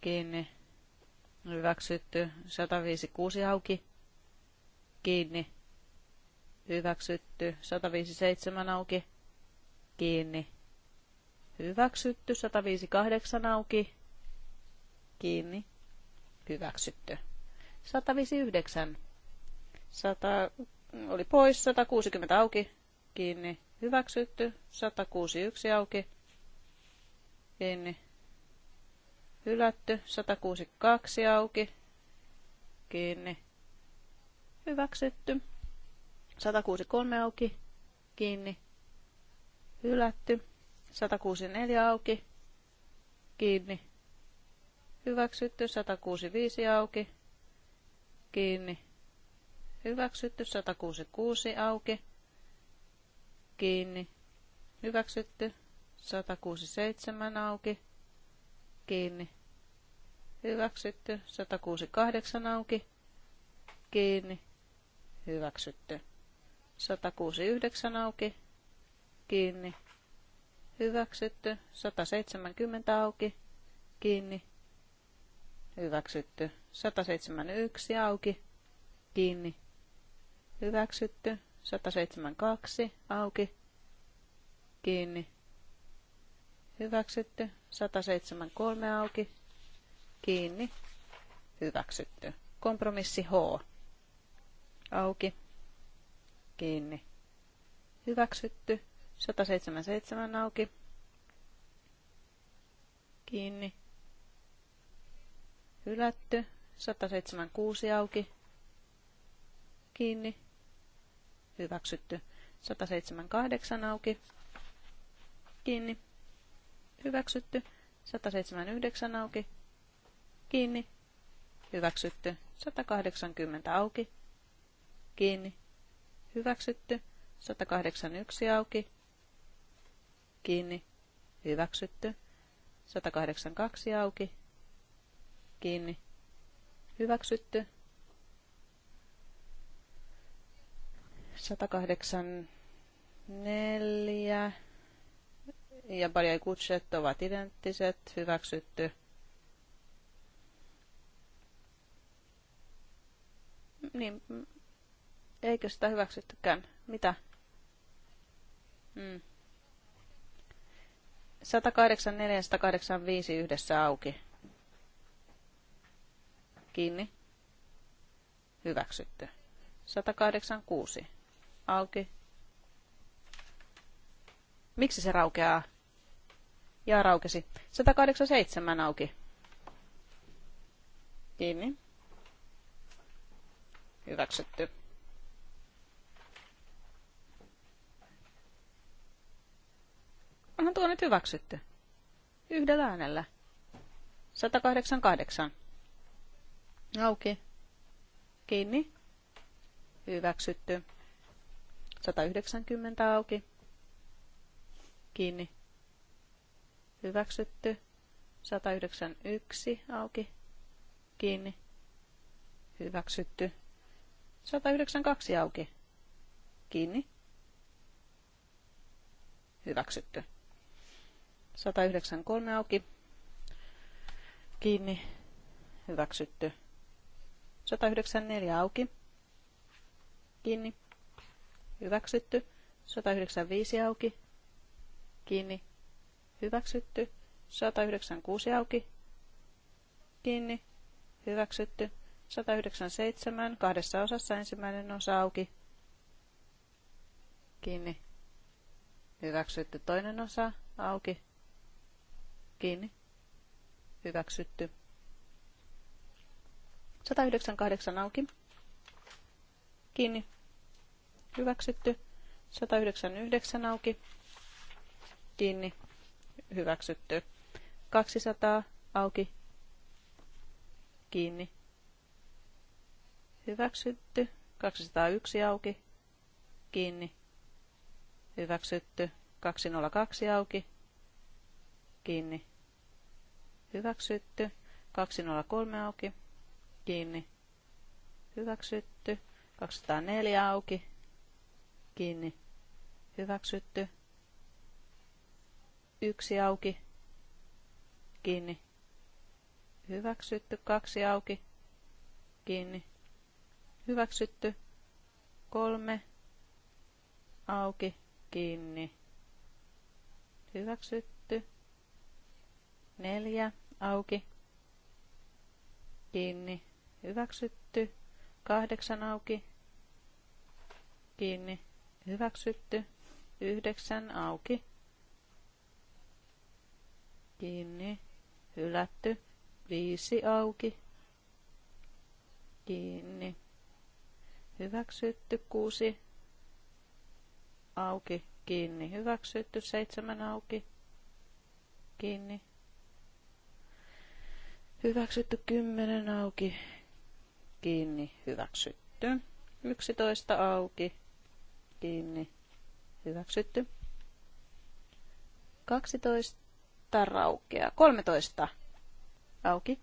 Kiinni. Hyväksytty 156 auki. Kiinni hyväksytty, 157 auki, kiinni, hyväksytty, 158 auki, kiinni, hyväksytty, 159, 100, oli pois, 160 auki, kiinni, hyväksytty, 161 auki, kiinni, hylätty, 162 auki, kiinni, hyväksytty. 163 auki, kiinni, hylätty. 164 auki, kiinni, hyväksytty. 165 auki, kiinni, hyväksytty. 166 auki, kiinni, hyväksytty. 167 auki, kiinni, hyväksytty. 168 auki, kiinni, hyväksytty. 169 auki, kiinni, hyväksytty. 170 auki, kiinni, hyväksytty. 171 auki, kiinni, hyväksytty. 172 auki, kiinni, hyväksytty. 173 auki, kiinni, hyväksytty. Kompromissi H. Auki, kiinni. Hyväksytty. 177 auki. Kiinni. Hylätty. 176 auki. Kiinni. Hyväksytty. 178 auki. Kiinni. Hyväksytty. 179 auki. Kiinni. Hyväksytty. 180 auki. Kiinni hyväksytty. 181 auki, kiinni, hyväksytty. 182 auki, kiinni, hyväksytty. 184 ja Baria Kutset ovat identtiset, hyväksytty. Niin, Eikö sitä hyväksyttykään? Mitä? Hmm. 184 ja 185 yhdessä auki. Kiinni. Hyväksytty. 186. Auki. Miksi se raukeaa? Ja raukesi. 187 auki. Kiinni. Hyväksytty. Onhan tuo nyt hyväksytty. Yhdellä äänellä. 188. Auki. Kiinni. Hyväksytty. 190 auki. Kiinni. Hyväksytty. 191 auki. Kiinni. Hyväksytty. 192 auki. Kiinni. Hyväksytty. 193 auki. Kiinni. Hyväksytty. 194 auki. Kiinni. Hyväksytty. 195 auki. Kiinni. Hyväksytty. 196 auki. Kiinni. Hyväksytty. 197. Kahdessa osassa ensimmäinen osa auki. Kiinni. Hyväksytty toinen osa auki. Kiinni. Hyväksytty. 198 auki. Kiinni. Hyväksytty. 199 auki. Kiinni. Hyväksytty. 200 auki. Kiinni. Hyväksytty. 201 auki. Kiinni. Hyväksytty. 202 auki. Kiinni hyväksytty. 203 auki, kiinni, hyväksytty. 204 auki, kiinni, hyväksytty. Yksi auki, kiinni, hyväksytty. Kaksi auki, kiinni, hyväksytty. Kolme auki, kiinni, hyväksytty. Neljä auki, kiinni, hyväksytty, kahdeksan auki, kiinni, hyväksytty, yhdeksän auki, kiinni, hylätty, viisi auki, kiinni, hyväksytty, kuusi auki, kiinni, hyväksytty, seitsemän auki, kiinni, Hyväksytty 10 auki. Kiinni. Hyväksytty. 11 auki. Kiinni. Hyväksytty. 12 raukea. 13 auki.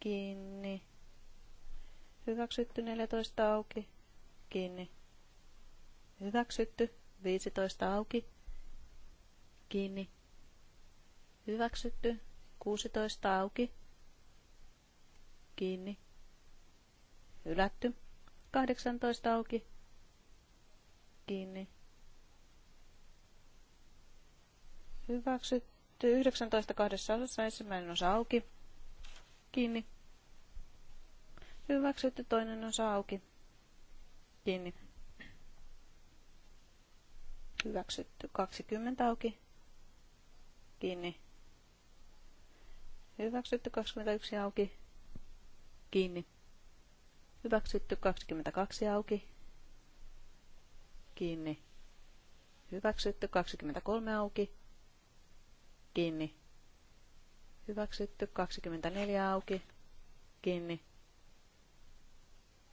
Kiinni. Hyväksytty 14 auki. Kiinni. Hyväksytty 15 auki. Kiinni. Hyväksytty 16 auki. Kiinni. Hylätty. 18 auki. Kiinni. Hyväksytty. 19 kahdessa osassa ensimmäinen osa auki. Kiinni. Hyväksytty toinen osa auki. Kiinni. Hyväksytty. 20 auki. Kiinni Hyväksytty 21 auki. Kiinni. Hyväksytty 22 auki. Kiinni. Hyväksytty 23 auki. Kiinni. Hyväksytty 24 auki. Kiinni.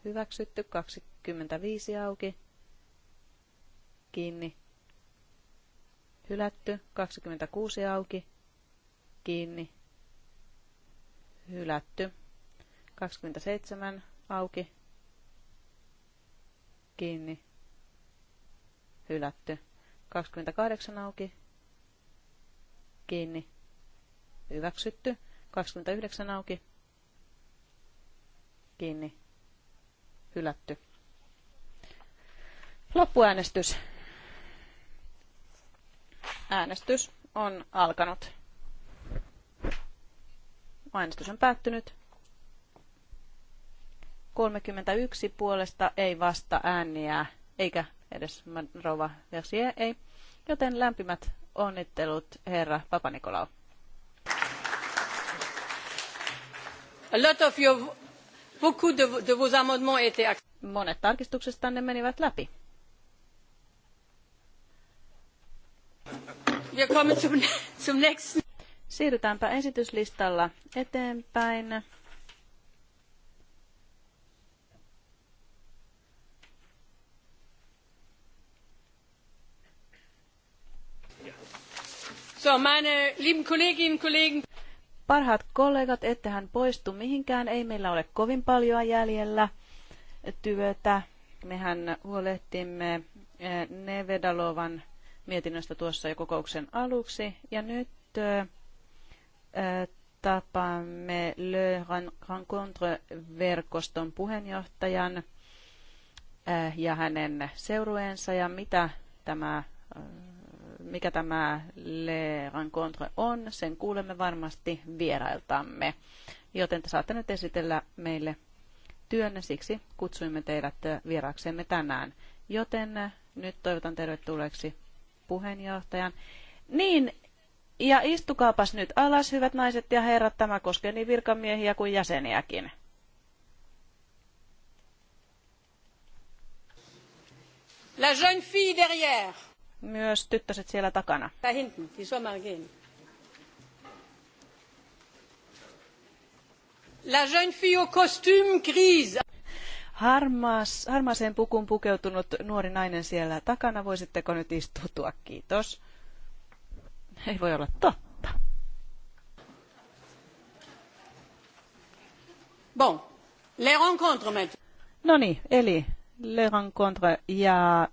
Hyväksytty 25 auki. Kiinni. Hylätty 26 auki. Kiinni hylätty. 27 auki, kiinni, hylätty. 28 auki, kiinni, hyväksytty. 29 auki, kiinni, hylätty. Loppuäänestys. Äänestys on alkanut. Äänestys on päättynyt. 31 puolesta ei vasta ääniä, eikä edes rouva Versie ei. Joten lämpimät onnittelut herra Papanikolaou. A lot of your, beaucoup de, de vos amendements étaient... Monet tarkistuksestanne menivät läpi. Wir kommen zum, zum nächsten. Siirrytäänpä esityslistalla eteenpäin. So, meine lieben Kolleginnen und Kollegen. Parhaat kollegat, ettehän poistu mihinkään, ei meillä ole kovin paljon jäljellä työtä. Mehän huolehtimme eh, Nevedalovan mietinnöstä tuossa jo kokouksen aluksi. Ja nyt eh, tapaamme Le Rencontre-verkoston puheenjohtajan äh, ja hänen seurueensa ja mitä tämä, äh, mikä tämä Le Rencontre on, sen kuulemme varmasti vierailtamme. Joten te saatte nyt esitellä meille työnne, siksi kutsuimme teidät äh, vieraaksemme tänään. Joten nyt toivotan tervetulleeksi puheenjohtajan. Niin, ja istukaapas nyt alas, hyvät naiset ja herrat, tämä koskee niin virkamiehiä kuin jäseniäkin. La jeune fille derrière. Myös tyttöset siellä takana. La jeune fille au costume grise. harmaaseen pukuun pukeutunut nuori nainen siellä takana. Voisitteko nyt istutua? Kiitos. ei voi olla totta. Bon. Les rencontres No niin, eli Le Rencontre ja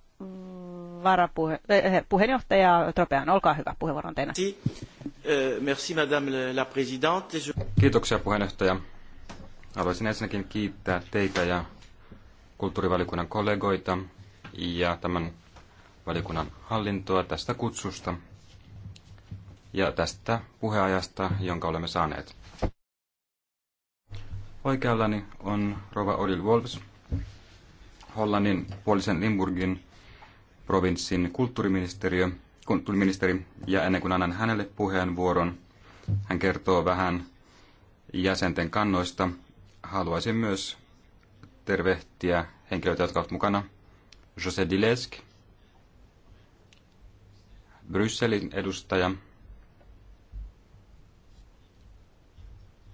varapuhe, eh, eh, puheenjohtaja Tropean, olkaa hyvä, puheenvuoro on teidän. Merci, euh, madame la présidente. Kiitoksia puheenjohtaja. Haluaisin ensinnäkin kiittää teitä ja kulttuurivalikunnan kollegoita ja tämän valikunnan hallintoa tästä kutsusta ja tästä puheajasta, jonka olemme saaneet. Oikeallani on Rova Odil Wolves, Hollannin puolisen Limburgin provinssin kulttuuriministeriö, kulttuuriministeri, ja ennen kuin annan hänelle puheenvuoron, hän kertoo vähän jäsenten kannoista. Haluaisin myös tervehtiä henkilöitä, jotka ovat mukana. José Dilesk, Brysselin edustaja,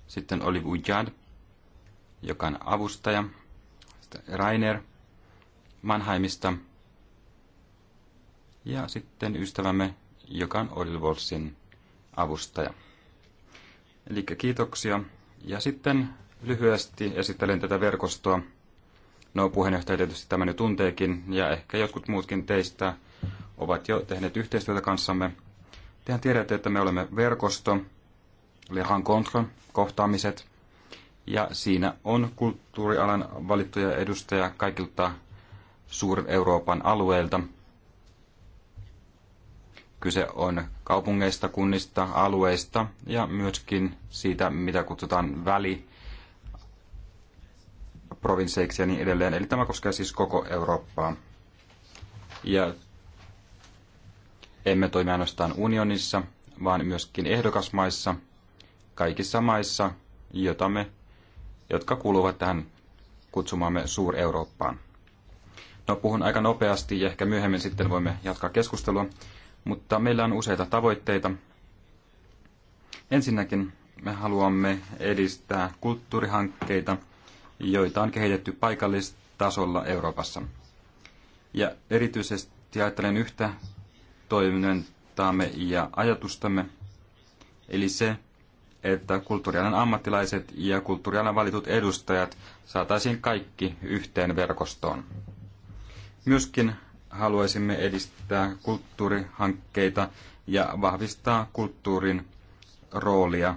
Sitten oli Ujad, joka on avustaja. Sitten Rainer Mannheimista. Ja sitten ystävämme, joka on Olivolsin avustaja. Eli kiitoksia. Ja sitten lyhyesti esittelen tätä verkostoa. No puheenjohtaja tietysti tämä nyt tunteekin, ja ehkä jotkut muutkin teistä ovat jo tehneet yhteistyötä kanssamme. Tehän tiedätte, että me olemme verkosto, Le Rencontre, kohtaamiset. Ja siinä on kulttuurialan valittuja edustajia kaikilta suuren Euroopan alueilta. Kyse on kaupungeista, kunnista, alueista ja myöskin siitä, mitä kutsutaan väli provinseiksi ja niin edelleen. Eli tämä koskee siis koko Eurooppaa. Ja emme toimi ainoastaan unionissa, vaan myöskin ehdokasmaissa – kaikissa maissa, jota me, jotka kuuluvat tähän kutsumaamme Suur-Eurooppaan. No, puhun aika nopeasti ja ehkä myöhemmin sitten voimme jatkaa keskustelua, mutta meillä on useita tavoitteita. Ensinnäkin me haluamme edistää kulttuurihankkeita, joita on kehitetty paikallistasolla Euroopassa. Ja erityisesti ajattelen yhtä toimintaamme ja ajatustamme, eli se, että kulttuurialan ammattilaiset ja kulttuurialan valitut edustajat saataisiin kaikki yhteen verkostoon. Myöskin haluaisimme edistää kulttuurihankkeita ja vahvistaa kulttuurin roolia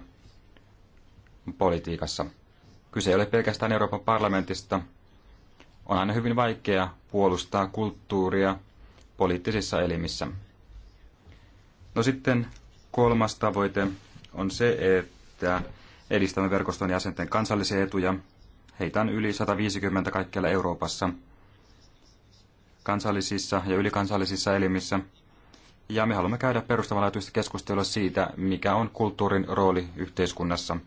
politiikassa. Kyse ei ole pelkästään Euroopan parlamentista. On aina hyvin vaikea puolustaa kulttuuria poliittisissa elimissä. No sitten kolmas tavoite on se, että edistämme verkoston jäsenten kansallisia etuja. Heitä on yli 150 kaikkialla Euroopassa, kansallisissa ja ylikansallisissa elimissä. Ja me haluamme käydä perustavanlaatuista keskustelua siitä, mikä on kulttuurin rooli yhteiskunnassa.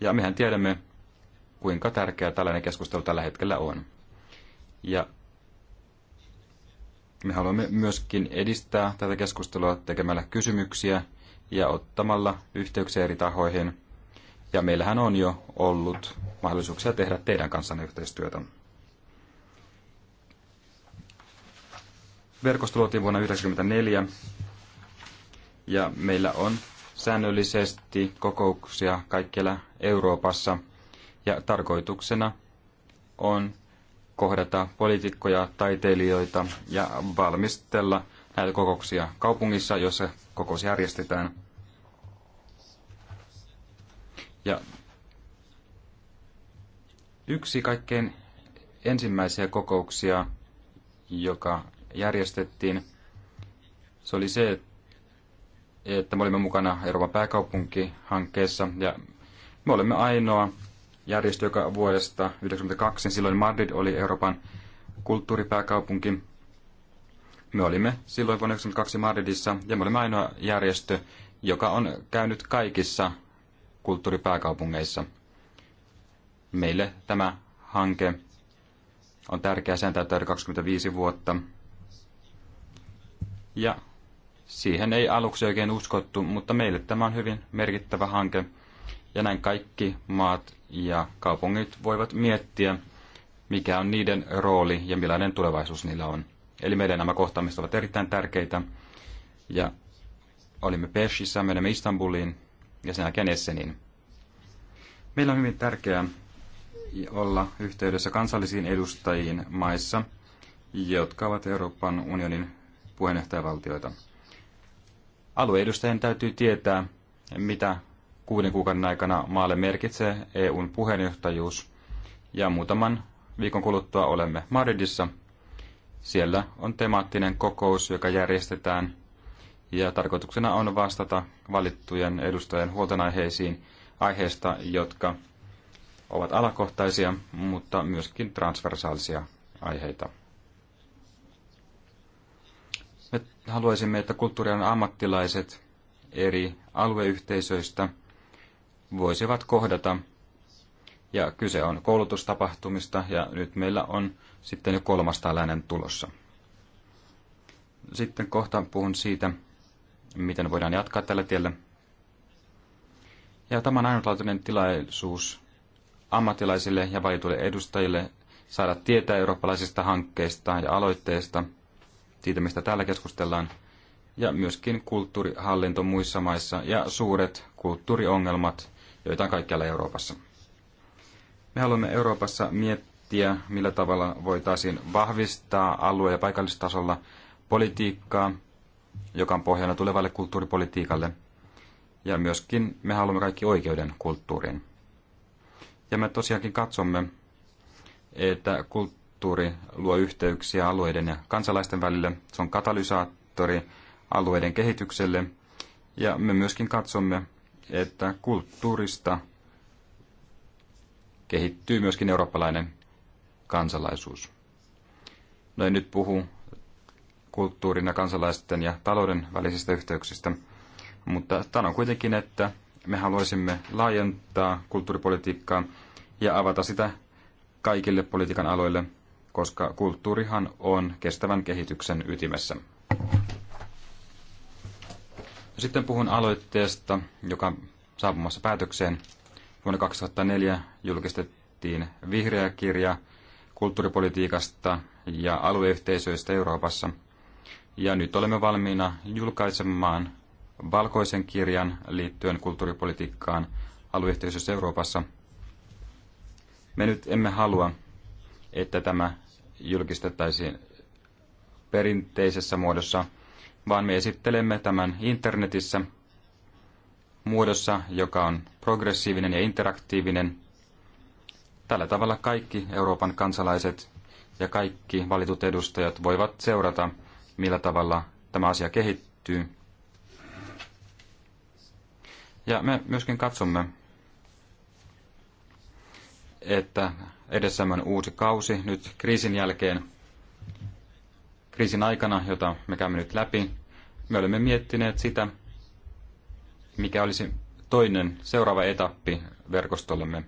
Ja mehän tiedämme, kuinka tärkeää tällainen keskustelu tällä hetkellä on. Ja me haluamme myöskin edistää tätä keskustelua tekemällä kysymyksiä ja ottamalla yhteyksiä eri tahoihin. Ja meillähän on jo ollut mahdollisuuksia tehdä teidän kanssanne yhteistyötä. Verkosto luotiin vuonna 1994 ja meillä on säännöllisesti kokouksia kaikkialla Euroopassa ja tarkoituksena on kohdata poliitikkoja, taiteilijoita ja valmistella – näitä kokouksia kaupungissa, jossa kokous järjestetään. Ja yksi kaikkein ensimmäisiä kokouksia, joka järjestettiin, se oli se, että me olimme mukana Euroopan pääkaupunkihankkeessa ja me olemme ainoa järjestö, joka vuodesta 1992, silloin Madrid oli Euroopan kulttuuripääkaupunki, me olimme silloin vuonna 1992 Madridissa ja me olimme ainoa järjestö, joka on käynyt kaikissa kulttuuripääkaupungeissa. Meille tämä hanke on tärkeä, sen täyttää 25 vuotta. Ja siihen ei aluksi oikein uskottu, mutta meille tämä on hyvin merkittävä hanke. Ja näin kaikki maat ja kaupungit voivat miettiä, mikä on niiden rooli ja millainen tulevaisuus niillä on. Eli meidän nämä kohtaamiset ovat erittäin tärkeitä. Ja olimme Peshissä, menemme Istanbuliin ja sen jälkeen Esseniin. Meillä on hyvin tärkeää olla yhteydessä kansallisiin edustajiin maissa, jotka ovat Euroopan unionin puheenjohtajavaltioita. Alueedustajien täytyy tietää, mitä kuuden kuukauden aikana maalle merkitsee EUn puheenjohtajuus. Ja muutaman viikon kuluttua olemme Madridissa siellä on temaattinen kokous, joka järjestetään ja tarkoituksena on vastata valittujen edustajien huolenaiheisiin aiheista, jotka ovat alakohtaisia, mutta myöskin transversaalisia aiheita. Me haluaisimme, että kulttuurialan ammattilaiset eri alueyhteisöistä voisivat kohdata ja kyse on koulutustapahtumista ja nyt meillä on sitten jo kolmas tällainen tulossa. Sitten kohta puhun siitä, miten voidaan jatkaa tällä tiellä. Ja tämä on ainutlaatuinen tilaisuus ammattilaisille ja valituille edustajille saada tietää eurooppalaisista hankkeista ja aloitteista, siitä mistä täällä keskustellaan, ja myöskin kulttuurihallinto muissa maissa ja suuret kulttuuriongelmat, joita on kaikkialla Euroopassa. Me haluamme Euroopassa miettiä, millä tavalla voitaisiin vahvistaa alue- ja paikallistasolla politiikkaa, joka on pohjana tulevalle kulttuuripolitiikalle. Ja myöskin me haluamme kaikki oikeuden kulttuuriin. Ja me tosiaankin katsomme, että kulttuuri luo yhteyksiä alueiden ja kansalaisten välille. Se on katalysaattori alueiden kehitykselle. Ja me myöskin katsomme, että kulttuurista kehittyy myöskin eurooppalainen kansalaisuus. No en nyt puhu kulttuurin ja kansalaisten ja talouden välisistä yhteyksistä, mutta sanon kuitenkin, että me haluaisimme laajentaa kulttuuripolitiikkaa ja avata sitä kaikille politiikan aloille, koska kulttuurihan on kestävän kehityksen ytimessä. Sitten puhun aloitteesta, joka on saapumassa päätökseen – Vuonna 2004 julkistettiin vihreä kirja kulttuuripolitiikasta ja alueyhteisöistä Euroopassa. Ja nyt olemme valmiina julkaisemaan valkoisen kirjan liittyen kulttuuripolitiikkaan alueyhteisössä Euroopassa. Me nyt emme halua, että tämä julkistettaisiin perinteisessä muodossa, vaan me esittelemme tämän internetissä – muodossa, joka on progressiivinen ja interaktiivinen. Tällä tavalla kaikki Euroopan kansalaiset ja kaikki valitut edustajat voivat seurata, millä tavalla tämä asia kehittyy. Ja me myöskin katsomme, että edessämme on uusi kausi nyt kriisin jälkeen. Kriisin aikana, jota me käymme nyt läpi, me olemme miettineet sitä, mikä olisi toinen seuraava etappi verkostollemme,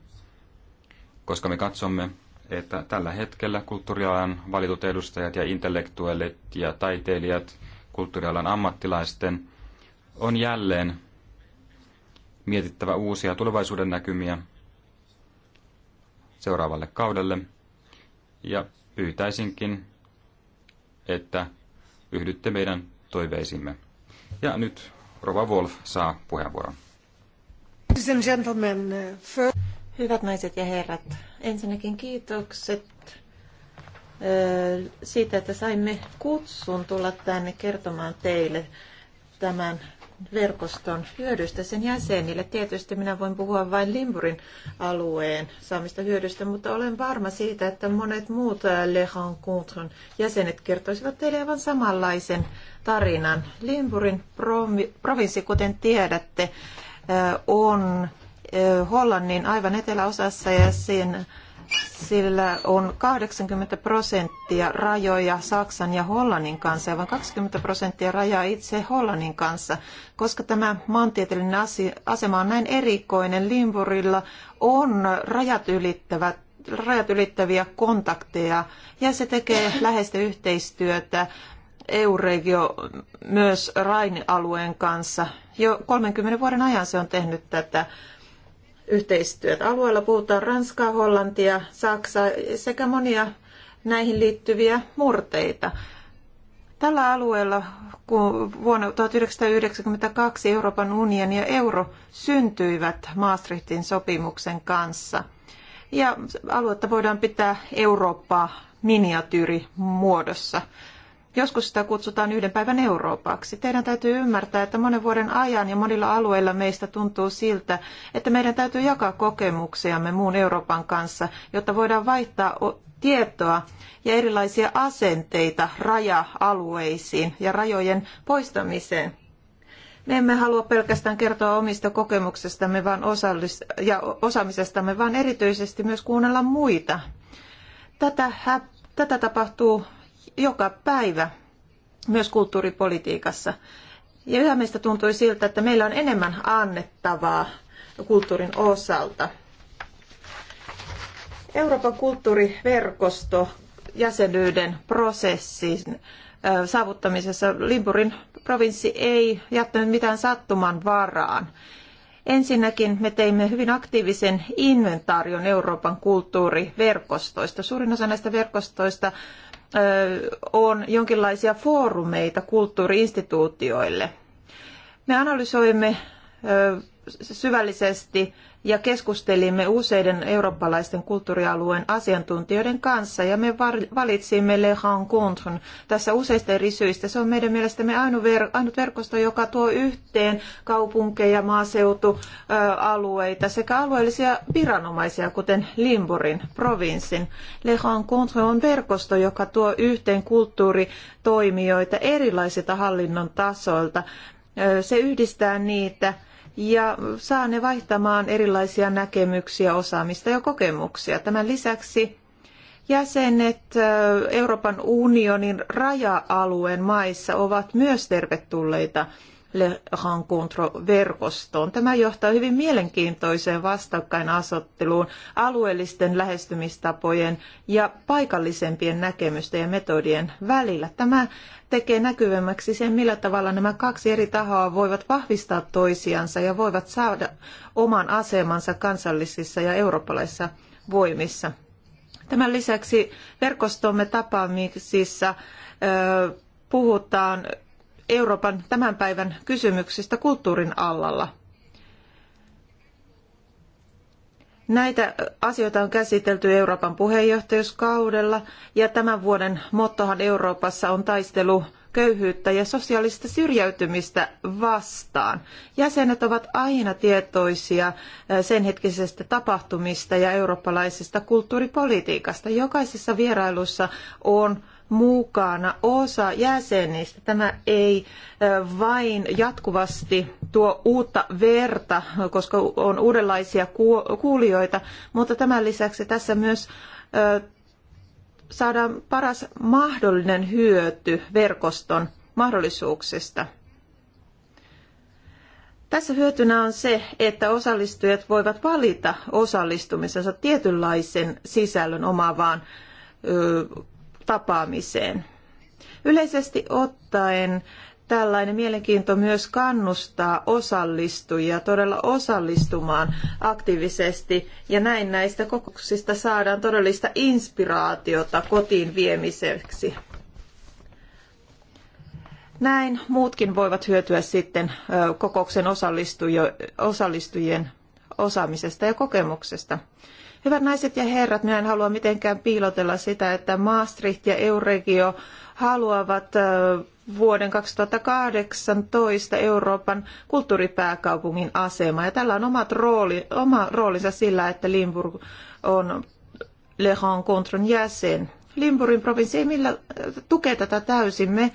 koska me katsomme, että tällä hetkellä kulttuurialan valitut edustajat ja intellektuellit ja taiteilijat kulttuurialan ammattilaisten on jälleen mietittävä uusia tulevaisuuden näkymiä seuraavalle kaudelle. Ja pyytäisinkin, että yhdytte meidän toiveisimme. Ja nyt Rova Wolf saa puheenvuoron. Uh, Hyvät naiset ja herrat, ensinnäkin kiitokset uh, siitä, että saimme kutsun tulla tänne kertomaan teille tämän verkoston hyödystä sen jäsenille. Tietysti minä voin puhua vain Limburin alueen saamista hyödystä, mutta olen varma siitä, että monet muut äh, Le Rencontren jäsenet kertoisivat teille aivan samanlaisen tarinan. Limburin provinssi, kuten tiedätte, äh, on äh, Hollannin aivan eteläosassa ja sen sillä on 80 prosenttia rajoja Saksan ja Hollannin kanssa ja vain 20 prosenttia rajaa itse Hollannin kanssa. Koska tämä maantieteellinen asema on näin erikoinen, Limburilla on rajat ylittävät rajat ylittäviä kontakteja ja se tekee läheistä yhteistyötä EU-regio myös Rain-alueen kanssa. Jo 30 vuoden ajan se on tehnyt tätä yhteistyötä. Alueella puhutaan Ranskaa, Hollantia, Saksaa sekä monia näihin liittyviä murteita. Tällä alueella, kun vuonna 1992 Euroopan unioni ja euro syntyivät Maastrichtin sopimuksen kanssa, ja aluetta voidaan pitää Eurooppaa miniatyyrimuodossa. muodossa. Joskus sitä kutsutaan yhden päivän Euroopaksi. Teidän täytyy ymmärtää, että monen vuoden ajan ja monilla alueilla meistä tuntuu siltä, että meidän täytyy jakaa kokemuksiamme muun Euroopan kanssa, jotta voidaan vaihtaa tietoa ja erilaisia asenteita raja-alueisiin ja rajojen poistamiseen. Me emme halua pelkästään kertoa omista kokemuksestamme vaan osallis- ja osaamisestamme, vaan erityisesti myös kuunnella muita. Tätä, tätä tapahtuu joka päivä myös kulttuuripolitiikassa. Ja yhä meistä tuntui siltä, että meillä on enemmän annettavaa kulttuurin osalta. Euroopan kulttuuriverkosto jäsenyyden prosessin saavuttamisessa Limburin provinssi ei jättänyt mitään sattuman varaan. Ensinnäkin me teimme hyvin aktiivisen inventaarion Euroopan kulttuuriverkostoista. Suurin osa näistä verkostoista on jonkinlaisia foorumeita kulttuuriinstituutioille. Me analysoimme syvällisesti ja keskustelimme useiden eurooppalaisten kulttuurialueen asiantuntijoiden kanssa ja me valitsimme Le Rencontre tässä useista eri syistä. Se on meidän mielestämme ainut verkosto, joka tuo yhteen kaupunkeja, maaseutualueita sekä alueellisia viranomaisia, kuten Limburin provinssin. Le Rencontre on verkosto, joka tuo yhteen kulttuuritoimijoita erilaisilta hallinnon tasoilta. Se yhdistää niitä – ja saa ne vaihtamaan erilaisia näkemyksiä, osaamista ja kokemuksia. Tämän lisäksi jäsenet Euroopan unionin raja-alueen maissa ovat myös tervetulleita Le Rencontro-verkostoon. Tämä johtaa hyvin mielenkiintoiseen vastakkainasotteluun alueellisten lähestymistapojen ja paikallisempien näkemysten ja metodien välillä. Tämä tekee näkyvämmäksi sen, millä tavalla nämä kaksi eri tahoa voivat vahvistaa toisiansa ja voivat saada oman asemansa kansallisissa ja eurooppalaisissa voimissa. Tämän lisäksi verkostomme tapaamisissa puhutaan Euroopan tämän päivän kysymyksistä kulttuurin alalla. Näitä asioita on käsitelty Euroopan puheenjohtajuuskaudella ja tämän vuoden mottohan Euroopassa on taistelu köyhyyttä ja sosiaalista syrjäytymistä vastaan. Jäsenet ovat aina tietoisia eh, sen hetkisestä tapahtumista ja eurooppalaisesta kulttuuripolitiikasta. Jokaisessa vierailussa on mukana osa jäsenistä. Tämä ei vain jatkuvasti tuo uutta verta, koska on uudenlaisia kuulijoita, mutta tämän lisäksi tässä myös saadaan paras mahdollinen hyöty verkoston mahdollisuuksista. Tässä hyötynä on se, että osallistujat voivat valita osallistumisensa tietynlaisen sisällön omaavaan tapaamiseen. Yleisesti ottaen tällainen mielenkiinto myös kannustaa osallistujia todella osallistumaan aktiivisesti ja näin näistä kokouksista saadaan todellista inspiraatiota kotiin viemiseksi. Näin muutkin voivat hyötyä sitten kokouksen osallistujien osaamisesta ja kokemuksesta. Hyvät naiset ja herrat, minä en halua mitenkään piilotella sitä, että Maastricht ja Euregio haluavat vuoden 2018 Euroopan kulttuuripääkaupungin asema. Ja tällä on omat rooli, oma roolinsa sillä, että Limburg on Le Rencontren jäsen. Limburgin provinssi ei millä tukee tätä täysin. Me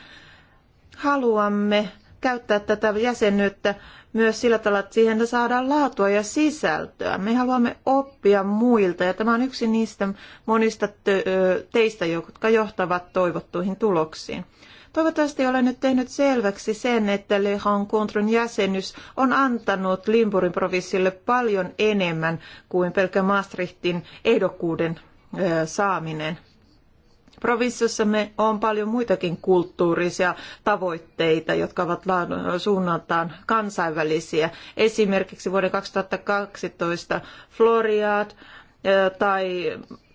haluamme käyttää tätä jäsenyyttä myös sillä tavalla, että siihen saadaan laatua ja sisältöä. Me haluamme oppia muilta ja tämä on yksi niistä monista teistä, jotka johtavat toivottuihin tuloksiin. Toivottavasti olen nyt tehnyt selväksi sen, että Le Rencontren jäsenyys on antanut Limburin provissille paljon enemmän kuin pelkä Maastrichtin ehdokkuuden saaminen. Provinssissamme on paljon muitakin kulttuurisia tavoitteita, jotka ovat suunnaltaan kansainvälisiä. Esimerkiksi vuoden 2012 Floriad eh, tai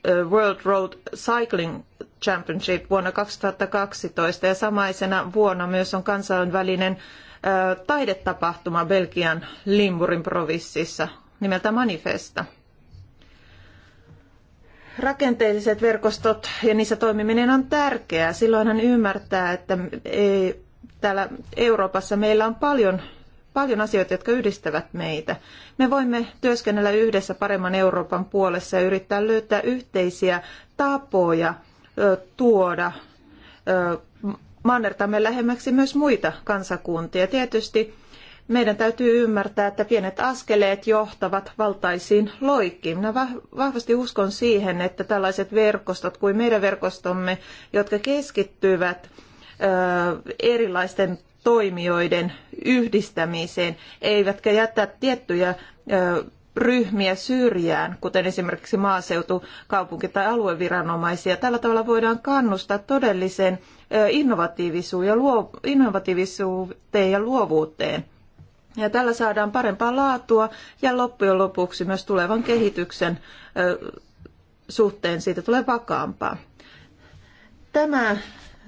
eh, World Road Cycling Championship vuonna 2012 ja samaisena vuonna myös on kansainvälinen eh, taidetapahtuma Belgian Limburin provinssissa nimeltä Manifesta rakenteelliset verkostot ja niissä toimiminen on tärkeää. Silloin hän ymmärtää, että ei, täällä Euroopassa meillä on paljon, paljon asioita, jotka yhdistävät meitä. Me voimme työskennellä yhdessä paremman Euroopan puolessa ja yrittää löytää yhteisiä tapoja ö, tuoda ö, mannertamme lähemmäksi myös muita kansakuntia. Tietysti meidän täytyy ymmärtää, että pienet askeleet johtavat valtaisiin loikkiin. Minä vahvasti uskon siihen, että tällaiset verkostot kuin meidän verkostomme, jotka keskittyvät erilaisten toimijoiden yhdistämiseen, eivätkä jättää tiettyjä ryhmiä syrjään, kuten esimerkiksi maaseutu, kaupunki- tai alueviranomaisia. Tällä tavalla voidaan kannustaa todelliseen innovatiivisuuteen ja luovuuteen. Ja tällä saadaan parempaa laatua ja loppujen lopuksi myös tulevan kehityksen suhteen siitä tulee vakaampaa. Tämä,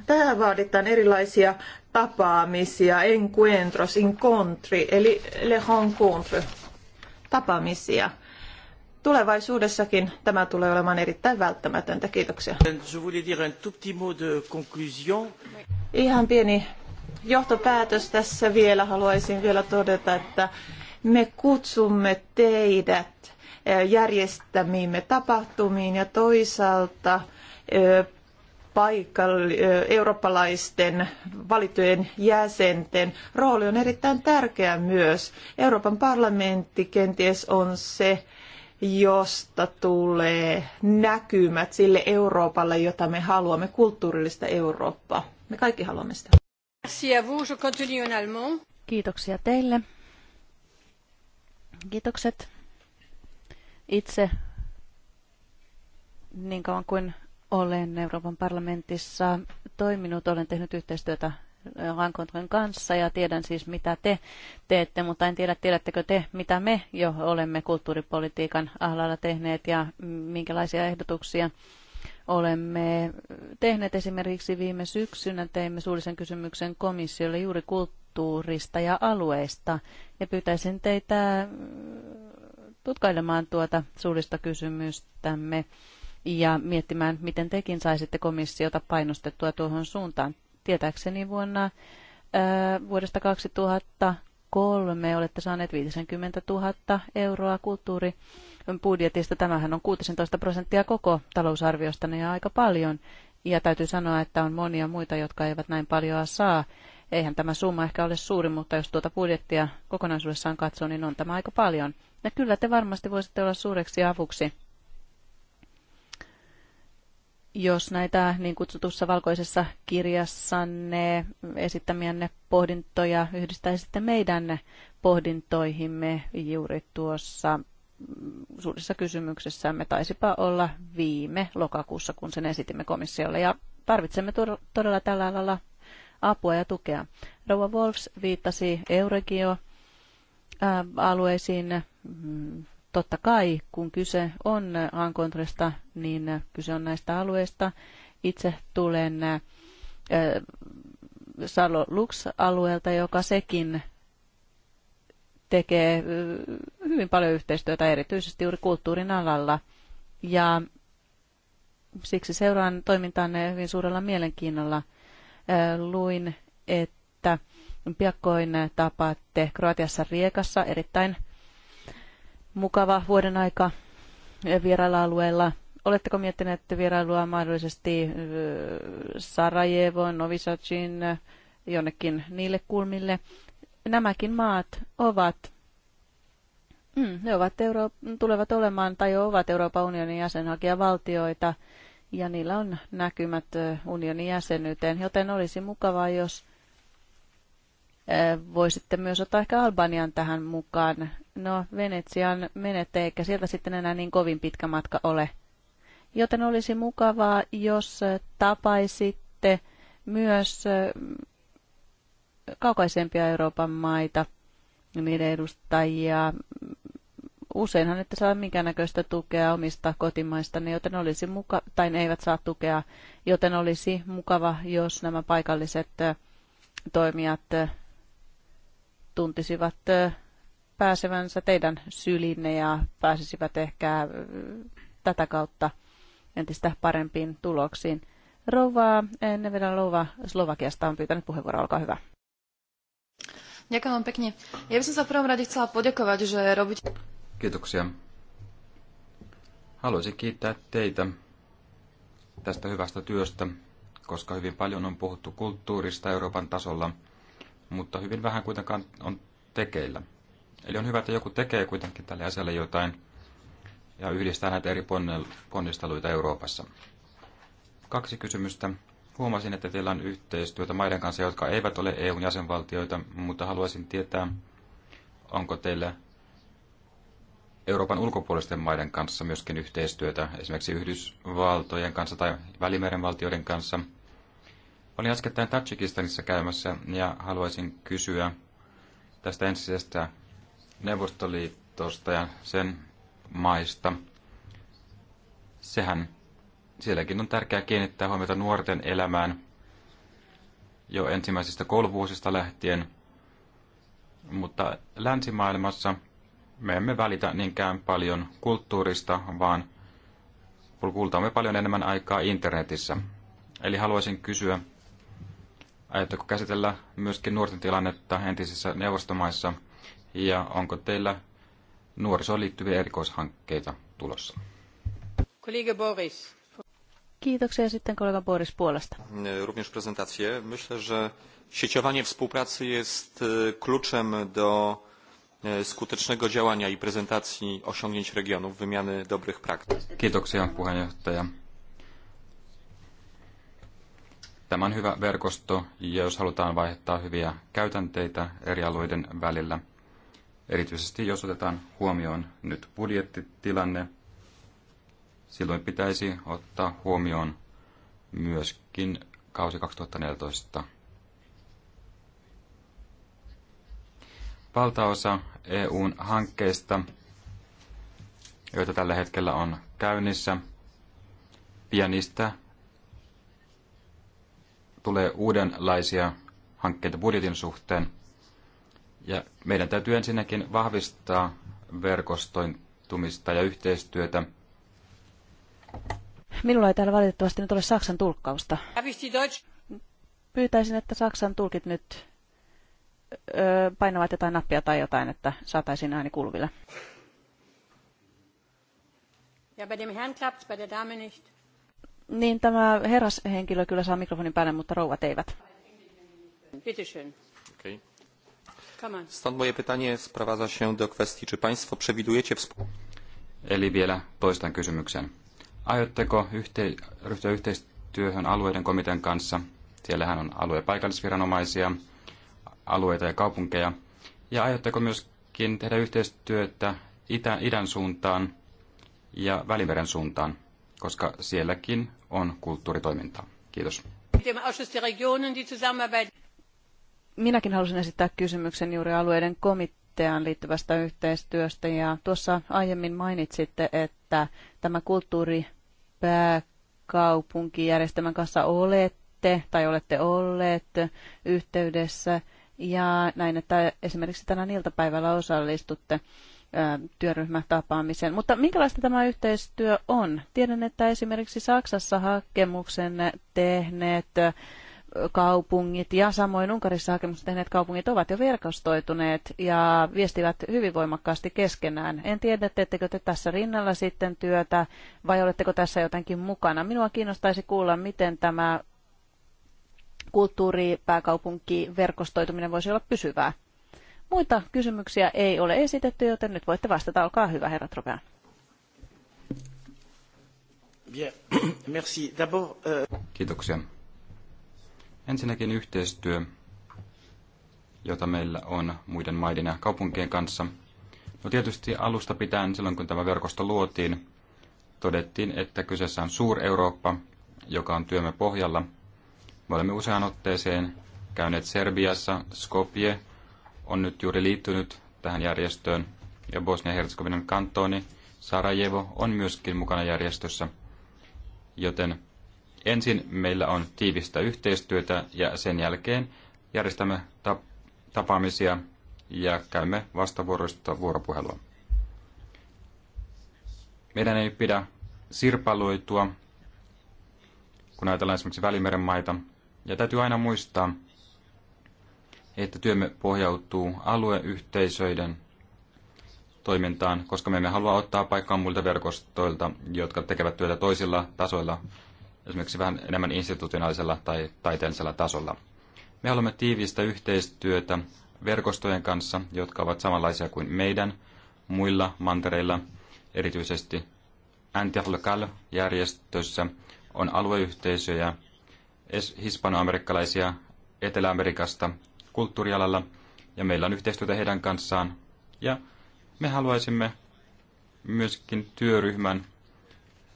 tähän vaaditaan erilaisia tapaamisia, encuentros, incontri, eli le rencontre, tapaamisia. Tulevaisuudessakin tämä tulee olemaan erittäin välttämätöntä. Kiitoksia. Ihan pieni johtopäätös tässä vielä haluaisin vielä todeta, että me kutsumme teidät järjestämiimme tapahtumiin ja toisaalta paikall- eurooppalaisten valittujen jäsenten rooli on erittäin tärkeä myös. Euroopan parlamentti kenties on se, josta tulee näkymät sille Euroopalle, jota me haluamme, kulttuurillista Eurooppaa. Me kaikki haluamme sitä. Kiitoksia teille. Kiitokset. Itse niin kauan kuin olen Euroopan parlamentissa toiminut, olen tehnyt yhteistyötä Rankontren äh, kanssa ja tiedän siis mitä te teette, mutta en tiedä tiedättekö te mitä me jo olemme kulttuuripolitiikan alalla tehneet ja minkälaisia ehdotuksia olemme tehneet esimerkiksi viime syksynä, teimme suullisen kysymyksen komissiolle juuri kulttuurista ja alueista. Ja pyytäisin teitä tutkailemaan tuota suullista kysymystämme ja miettimään, miten tekin saisitte komissiota painostettua tuohon suuntaan. Tietääkseni vuonna ää, äh, vuodesta 2003 olette saaneet 50 000 euroa kulttuuri budjetista. Tämähän on 16 prosenttia koko talousarviosta niin aika paljon. Ja täytyy sanoa, että on monia muita, jotka eivät näin paljon saa. Eihän tämä summa ehkä ole suuri, mutta jos tuota budjettia kokonaisuudessaan katsoo, niin on tämä aika paljon. Ja kyllä te varmasti voisitte olla suureksi avuksi jos näitä niin kutsutussa valkoisessa kirjassanne esittämienne pohdintoja yhdistäisitte meidän pohdintoihimme juuri tuossa suurissa kysymyksissämme taisipa olla viime lokakuussa, kun sen esitimme komissiolle. Ja tarvitsemme todella tällä alalla apua ja tukea. Rouva Wolfs viittasi Euregio äh, alueisiin. Mm, totta kai, kun kyse on Ankontresta, niin kyse on näistä alueista. Itse tulen äh, Salo Lux-alueelta, joka sekin tekee hyvin paljon yhteistyötä, erityisesti juuri kulttuurin alalla. Ja siksi seuraan toimintaanne hyvin suurella mielenkiinnolla. Luin, että piakkoin tapaatte Kroatiassa Riekassa erittäin mukava vuoden aika vierailualueella. Oletteko miettineet vierailua mahdollisesti Sarajevon, Novisacin, jonnekin niille kulmille? nämäkin maat ovat Mm, ne ovat Euro- tulevat olemaan tai ovat Euroopan unionin jäsenhakijavaltioita ja niillä on näkymät unionin jäsenyyteen, joten olisi mukavaa, jos voisitte myös ottaa ehkä Albanian tähän mukaan. No, Venetsian menette, eikä sieltä sitten enää niin kovin pitkä matka ole. Joten olisi mukavaa, jos tapaisitte myös kaukaisempia Euroopan maita, niiden edustajia. Useinhan että saa minkäännäköistä tukea omista kotimaistanne, niin joten olisi muka, tai ne eivät saa tukea, joten olisi mukava, jos nämä paikalliset toimijat tuntisivat pääsevänsä teidän sylinne ja pääsisivät ehkä tätä kautta entistä parempiin tuloksiin. Rouva eh, Nevedalova Slovakiasta on pyytänyt puheenvuoroa, olkaa hyvä. Ďakujem vám pekne. Ja by som sa v prvom rade chcela poďakovať, že robíte... Kiitoksia. Haluaisin kiittää teitä tästä hyvästä työstä, koska hyvin paljon on puhuttu kulttuurista Euroopan tasolla, mutta hyvin vähän kuitenkaan on tekeillä. Eli on hyvä, että joku tekee kuitenkin tälle asialle jotain ja yhdistää näitä eri ponnisteluita Euroopassa. Kaksi kysymystä. Huomasin, että teillä on yhteistyötä maiden kanssa, jotka eivät ole EUn jäsenvaltioita, mutta haluaisin tietää, onko teillä Euroopan ulkopuolisten maiden kanssa myöskin yhteistyötä, esimerkiksi Yhdysvaltojen kanssa tai Välimeren valtioiden kanssa. Olin äskettäin Tajikistanissa käymässä ja haluaisin kysyä tästä entisestä Neuvostoliitosta ja sen maista. Sehän sielläkin on tärkeää kiinnittää huomiota nuorten elämään jo ensimmäisistä kouluvuosista lähtien. Mutta länsimaailmassa me emme välitä niinkään paljon kulttuurista, vaan kultaamme paljon enemmän aikaa internetissä. Eli haluaisin kysyä, aiotteko käsitellä myöskin nuorten tilannetta entisissä neuvostomaissa ja onko teillä nuorisoon liittyviä erikoishankkeita tulossa? Kollega Boris. Kiitoksia sitten kollega Boris puolesta. E, również prezentację. Myślę, że sieciowanie współpracy jest e, kluczem do e, skutecznego działania i prezentacji osiągnięć regionów, wymiany dobrych praktyk. Kiitoksia puheenjohtaja. Tämä on hyvä verkosto ja jos halutaan vaihtaa hyviä käytänteitä eri alueiden välillä, erityisesti jos otetaan huomioon nyt budjettitilanne – silloin pitäisi ottaa huomioon myöskin kausi 2014. Valtaosa EUn hankkeista, joita tällä hetkellä on käynnissä, pienistä tulee uudenlaisia hankkeita budjetin suhteen. Ja meidän täytyy ensinnäkin vahvistaa verkostointumista ja yhteistyötä – Minulla ei täällä valitettavasti nyt ole Saksan tulkkausta. Pyytäisin, että Saksan tulkit nyt öö, painavat jotain nappia tai jotain, että saataisiin ääni kulville. Ja bei dem Herrn klappt, bei der Dame nicht. Niin, tämä herrashenkilö kyllä saa mikrofonin päälle, mutta rouvat eivät. Bitte schön. Okay. Stąd moje pytanie sprowadza się do kwestii, czy państwo przewidujecie... Eli vielä toistan kysymyksen. Aiotteko yhte- ryhtyä yhteistyöhön alueiden komitean kanssa? Siellähän on paikallisviranomaisia, alueita ja kaupunkeja. Ja aiotteko myöskin tehdä yhteistyötä itä, idän suuntaan ja Välimeren suuntaan, koska sielläkin on kulttuuritoimintaa. Kiitos. Minäkin halusin esittää kysymyksen juuri alueiden komitean liittyvästä yhteistyöstä ja tuossa aiemmin mainitsitte, että että tämä kulttuuripääkaupunkijärjestelmän kanssa olette tai olette olleet yhteydessä ja näin, että esimerkiksi tänään iltapäivällä osallistutte työryhmätapaamiseen. Mutta minkälaista tämä yhteistyö on? Tiedän, että esimerkiksi Saksassa hakemuksen tehneet kaupungit ja samoin Unkarissa hakemusta tehneet kaupungit ovat jo verkostoituneet ja viestivät hyvin voimakkaasti keskenään. En tiedä, teettekö te tässä rinnalla sitten työtä vai oletteko tässä jotenkin mukana. Minua kiinnostaisi kuulla, miten tämä kulttuuripääkaupunki verkostoituminen voisi olla pysyvää. Muita kysymyksiä ei ole esitetty, joten nyt voitte vastata. Olkaa hyvä, herra Tropean. Euh, Kiitoksia. Ensinnäkin yhteistyö, jota meillä on muiden maiden ja kaupunkien kanssa. No tietysti alusta pitäen, silloin kun tämä verkosto luotiin, todettiin, että kyseessä on Suur-Eurooppa, joka on työmme pohjalla. Me olemme useaan otteeseen käyneet Serbiassa, Skopje on nyt juuri liittynyt tähän järjestöön, ja Bosnia-Herzegovinan kantoni Sarajevo on myöskin mukana järjestössä, joten Ensin meillä on tiivistä yhteistyötä ja sen jälkeen järjestämme tapaamisia ja käymme vastavuoroista vuoropuhelua. Meidän ei pidä sirpaloitua, kun ajatellaan esimerkiksi Välimeren maita. Ja täytyy aina muistaa, että työmme pohjautuu alueyhteisöiden toimintaan, koska me emme halua ottaa paikkaa muilta verkostoilta, jotka tekevät työtä toisilla tasoilla esimerkiksi vähän enemmän institutionaalisella tai taiteellisella tasolla. Me haluamme tiivistä yhteistyötä verkostojen kanssa, jotka ovat samanlaisia kuin meidän muilla mantereilla, erityisesti Interlocal-järjestössä on alueyhteisöjä, hispanoamerikkalaisia Etelä-Amerikasta kulttuurialalla, ja meillä on yhteistyötä heidän kanssaan. Ja me haluaisimme myöskin työryhmän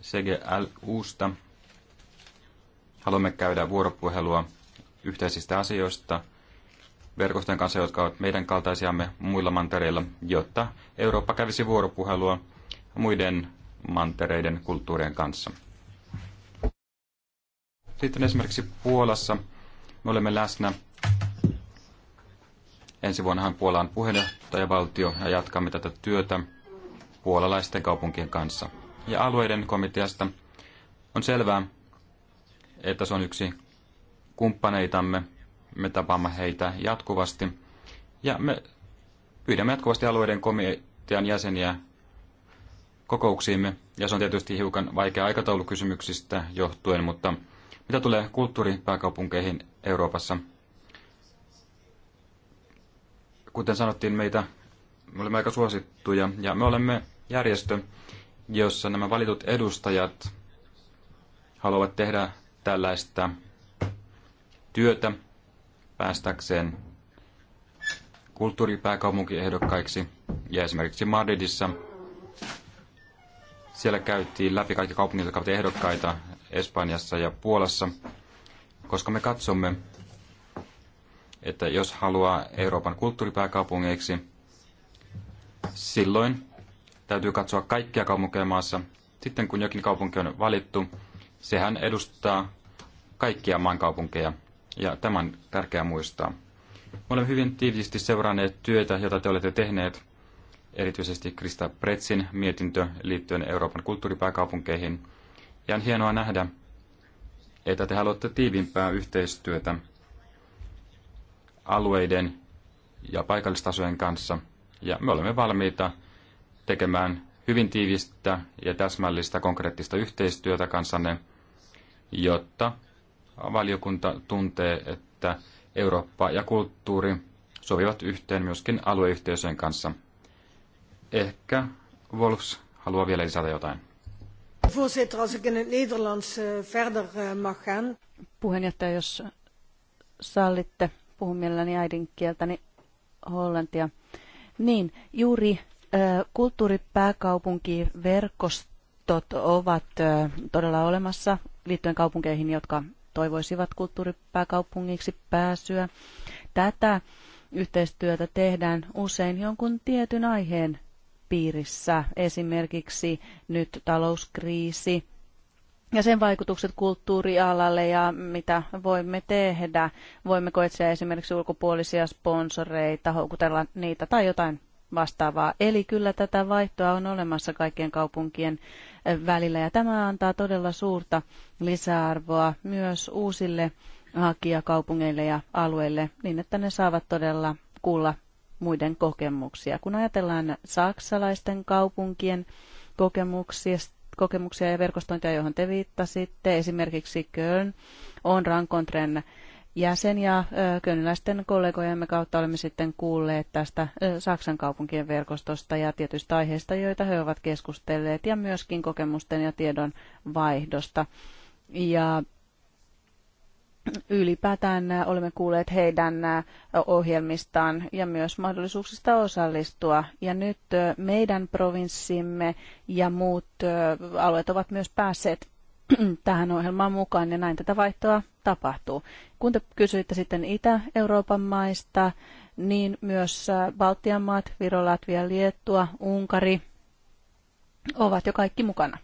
CGLUsta, Haluamme käydä vuoropuhelua yhteisistä asioista verkostojen kanssa, jotka ovat meidän kaltaisiamme muilla mantereilla, jotta Eurooppa kävisi vuoropuhelua muiden mantereiden kulttuurien kanssa. Sitten esimerkiksi Puolassa me olemme läsnä. Ensi vuonnahan Puola on puheenjohtajavaltio ja jatkamme tätä työtä puolalaisten kaupunkien kanssa. Ja alueiden komiteasta on selvää, että se on yksi kumppaneitamme. Me tapaamme heitä jatkuvasti ja me pyydämme jatkuvasti alueiden komitean jäseniä kokouksiimme. Ja se on tietysti hiukan vaikea aikataulukysymyksistä johtuen, mutta mitä tulee kulttuuripääkaupunkeihin Euroopassa? Kuten sanottiin, meitä me olemme aika suosittuja ja me olemme järjestö, jossa nämä valitut edustajat haluavat tehdä tällaista työtä päästäkseen kulttuuripääkaupunkiehdokkaiksi. Ja esimerkiksi Madridissa siellä käytiin läpi kaikki kaupungit, jotka ovat ehdokkaita Espanjassa ja Puolassa, koska me katsomme, että jos haluaa Euroopan kulttuuripääkaupungeiksi, silloin täytyy katsoa kaikkia kaupunkeja maassa. Sitten kun jokin kaupunki on valittu, Sehän edustaa kaikkia maankaupunkeja ja tämän on tärkeää muistaa. Me olemme hyvin tiiviisti seuranneet työtä, jota te olette tehneet, erityisesti Krista Pretsin mietintö liittyen Euroopan kulttuuripääkaupunkeihin. Ja on hienoa nähdä, että te haluatte tiivimpää yhteistyötä alueiden ja paikallistasojen kanssa. Ja me olemme valmiita tekemään hyvin tiivistä ja täsmällistä konkreettista yhteistyötä kanssanne jotta valiokunta tuntee, että Eurooppa ja kulttuuri sovivat yhteen myöskin alueyhteisöjen kanssa. Ehkä Wolfs haluaa vielä lisätä jotain. Voorzitter, eh, eh, Puheenjohtaja, jos sallitte, puhun mielelläni äidinkieltäni hollantia. Niin, juuri eh, kulttuuripääkaupunkiverkostot ovat todella olemassa liittyen kaupunkeihin, jotka toivoisivat kulttuuripääkaupungiksi pääsyä. Tätä yhteistyötä tehdään usein jonkun tietyn aiheen piirissä, esimerkiksi nyt talouskriisi ja sen vaikutukset kulttuurialalle ja mitä voimme tehdä. Voimmeko etsiä esimerkiksi ulkopuolisia sponsoreita, houkutella niitä tai jotain vastaavaa. Eli kyllä tätä vaihtoa on olemassa kaikkien kaupunkien välillä ja tämä antaa todella suurta lisäarvoa myös uusille hakijakaupungeille ja alueille niin, että ne saavat todella kuulla muiden kokemuksia. Kun ajatellaan saksalaisten kaupunkien kokemuksia, kokemuksia ja verkostointia, johon te viittasitte, esimerkiksi Köln on Rankontren jäsen ja könyläisten kollegojemme kautta olemme sitten kuulleet tästä Saksan kaupunkien verkostosta ja tietyistä aiheista, joita he ovat keskustelleet ja myöskin kokemusten ja tiedon vaihdosta. Ja ylipäätään olemme kuulleet heidän ohjelmistaan ja myös mahdollisuuksista osallistua. Ja nyt meidän provinssimme ja muut alueet ovat myös päässeet tähän ohjelmaan mukaan ja näin tätä vaihtoa tapahtuu. Kun te kysyitte sitten Itä-Euroopan maista, niin myös äh, Baltian maat, Viro, Latvia, Liettua, Unkari ovat jo kaikki mukana.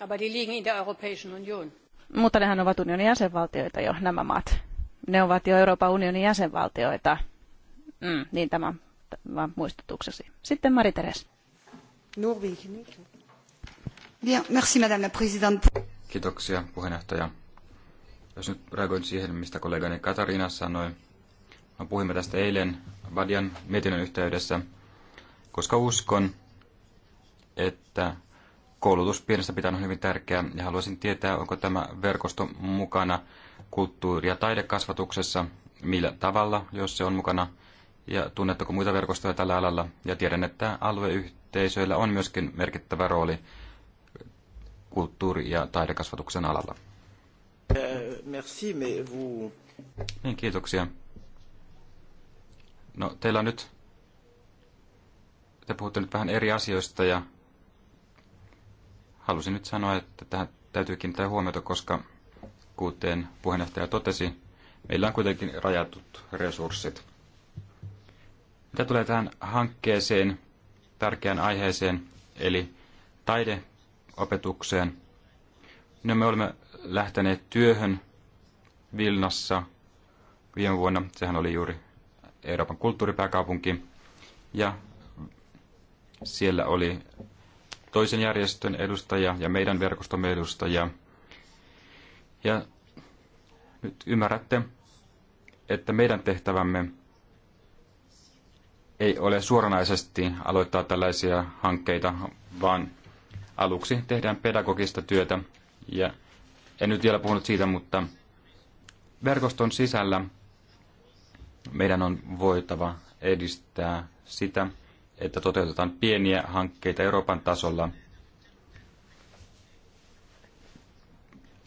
Aber die liegen in der Europäischen Union. Mutta nehän ovat unionin jäsenvaltioita jo, nämä maat. Ne ovat jo Euroopan unionin jäsenvaltioita. Mm, niin tämä vaan muistutuksesi. Sitten Mari-Teres. Bien, merci madame la présidente. Kiitoksia puheenjohtaja. Jos nyt reagoin siihen, mistä kollegani Katarina sanoi. No, puhuimme tästä eilen Vadian mietinnön yhteydessä, koska uskon, että koulutus pienestä pitäen on hyvin tärkeää ja haluaisin tietää, onko tämä verkosto mukana kulttuuri- ja taidekasvatuksessa, millä tavalla, jos se on mukana, ja tunnetteko muita verkostoja tällä alalla, ja tiedän, että alue yhteisöillä on myöskin merkittävä rooli kulttuuri- ja taidekasvatuksen alalla. Eh, merci, mais vous... Niin, kiitoksia. No, teillä on nyt... Te puhutte nyt vähän eri asioista ja halusin nyt sanoa, että tähän täytyy kiinnittää huomiota, koska kuten puheenjohtaja totesi, meillä on kuitenkin rajatut resurssit. Mitä tulee tähän hankkeeseen, tärkeään aiheeseen, eli taideopetukseen. No me olemme lähteneet työhön Vilnassa viime vuonna. Sehän oli juuri Euroopan kulttuuripääkaupunki. Ja siellä oli toisen järjestön edustaja ja meidän verkostomme edustaja. Ja nyt ymmärrätte, että meidän tehtävämme ei ole suoranaisesti aloittaa tällaisia hankkeita, vaan aluksi tehdään pedagogista työtä. Ja en nyt vielä puhunut siitä, mutta verkoston sisällä meidän on voitava edistää sitä, että toteutetaan pieniä hankkeita Euroopan tasolla.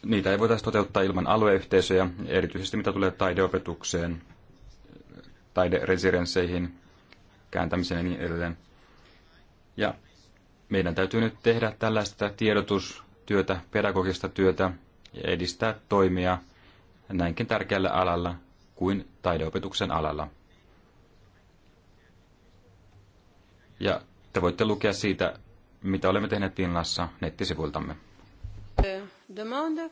Niitä ei voitaisiin toteuttaa ilman alueyhteisöjä, erityisesti mitä tulee taideopetukseen, taideresidensseihin kääntämisen ja niin edelleen. Ja meidän täytyy nyt tehdä tällaista tiedotustyötä, pedagogista työtä ja edistää toimia näinkin tärkeällä alalla kuin taideopetuksen alalla. Ja te voitte lukea siitä, mitä olemme tehneet Finlassa nettisivuiltamme. Demande.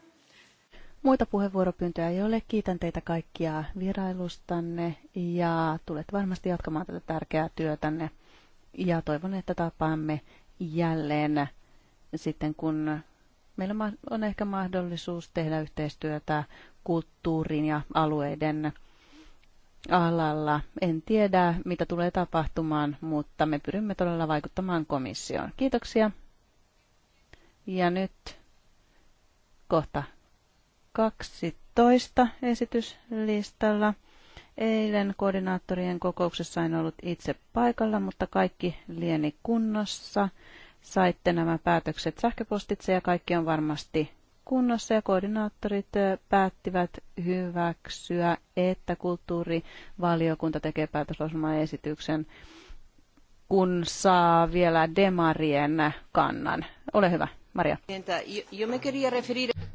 Muita puheenvuoropyyntöjä ei ole. Kiitän teitä kaikkia vierailustanne ja tulet varmasti jatkamaan tätä tärkeää työtänne. Ja toivon, että tapaamme jälleen sitten, kun meillä on ehkä mahdollisuus tehdä yhteistyötä kulttuurin ja alueiden alalla. En tiedä, mitä tulee tapahtumaan, mutta me pyrimme todella vaikuttamaan komissioon. Kiitoksia. Ja nyt kohta 12 esityslistalla. Eilen koordinaattorien kokouksessa en ollut itse paikalla, mutta kaikki lieni kunnossa. Saitte nämä päätökset sähköpostitse ja kaikki on varmasti kunnossa ja koordinaattorit päättivät hyväksyä, että kulttuurivaliokunta tekee esityksen kun saa vielä demarien kannan. Ole hyvä, Maria.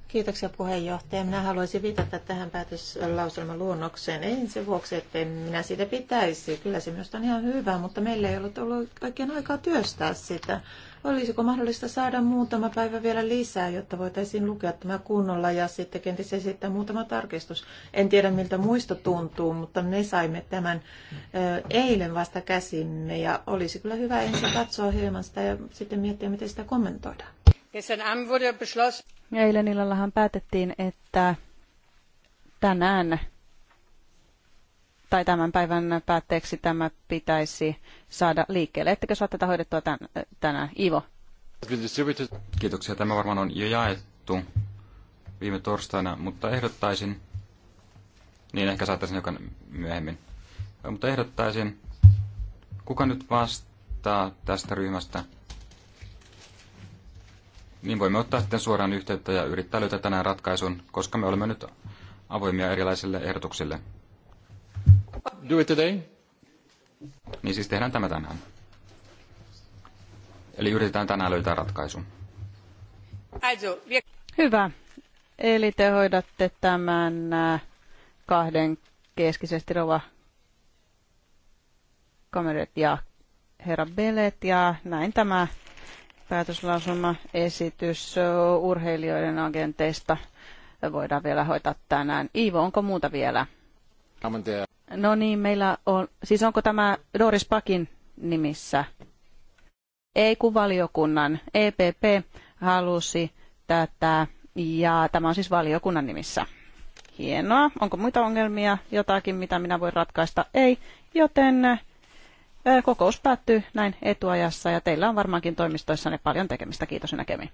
Kiitoksia puheenjohtaja. Minä haluaisin viitata tähän päätöslauselman luonnokseen. Ei sen vuoksi, että minä siitä pitäisi. Kyllä se minusta on ihan hyvä, mutta meillä ei ollut ollut oikein aikaa työstää sitä. Olisiko mahdollista saada muutama päivä vielä lisää, jotta voitaisiin lukea tämä kunnolla ja sitten kenties esittää muutama tarkistus. En tiedä, miltä muisto tuntuu, mutta me saimme tämän eilen vasta käsimme ja olisi kyllä hyvä ensin katsoa hieman sitä ja sitten miettiä, miten sitä kommentoidaan. Gestern Abend wurde beschlossen. Eilen illallahan päätettiin, että tänään tai tämän päivän päätteeksi tämä pitäisi saada liikkeelle. Ettekö saa tätä hoidettua tän, tänään? Ivo. Kiitoksia. Tämä varmaan on jo jaettu viime torstaina, mutta ehdottaisin, niin ehkä saattaisin jokan myöhemmin, mutta ehdottaisin, kuka nyt vastaa tästä ryhmästä niin voimme ottaa sitten suoraan yhteyttä ja yrittää löytää tänään ratkaisun, koska me olemme nyt avoimia erilaisille ehdotuksille. Do it today. Niin siis tehdään tämä tänään. Eli yritetään tänään löytää ratkaisu. Hyvä. Eli te hoidatte tämän äh, kahden keskisesti rova kamerat ja herra Belet ja näin tämä päätöslauselmaesitys urheilijoiden agenteista voidaan vielä hoitaa tänään. Iivo, onko muuta vielä? No niin, meillä on, siis onko tämä Doris Pakin nimissä? Ei, kun valiokunnan EPP halusi tätä ja tämä on siis valiokunnan nimissä. Hienoa. Onko muita ongelmia? Jotakin, mitä minä voin ratkaista? Ei, joten Kokous päättyy näin etuajassa ja teillä on varmaankin toimistoissanne paljon tekemistä. Kiitos ja näkemiin.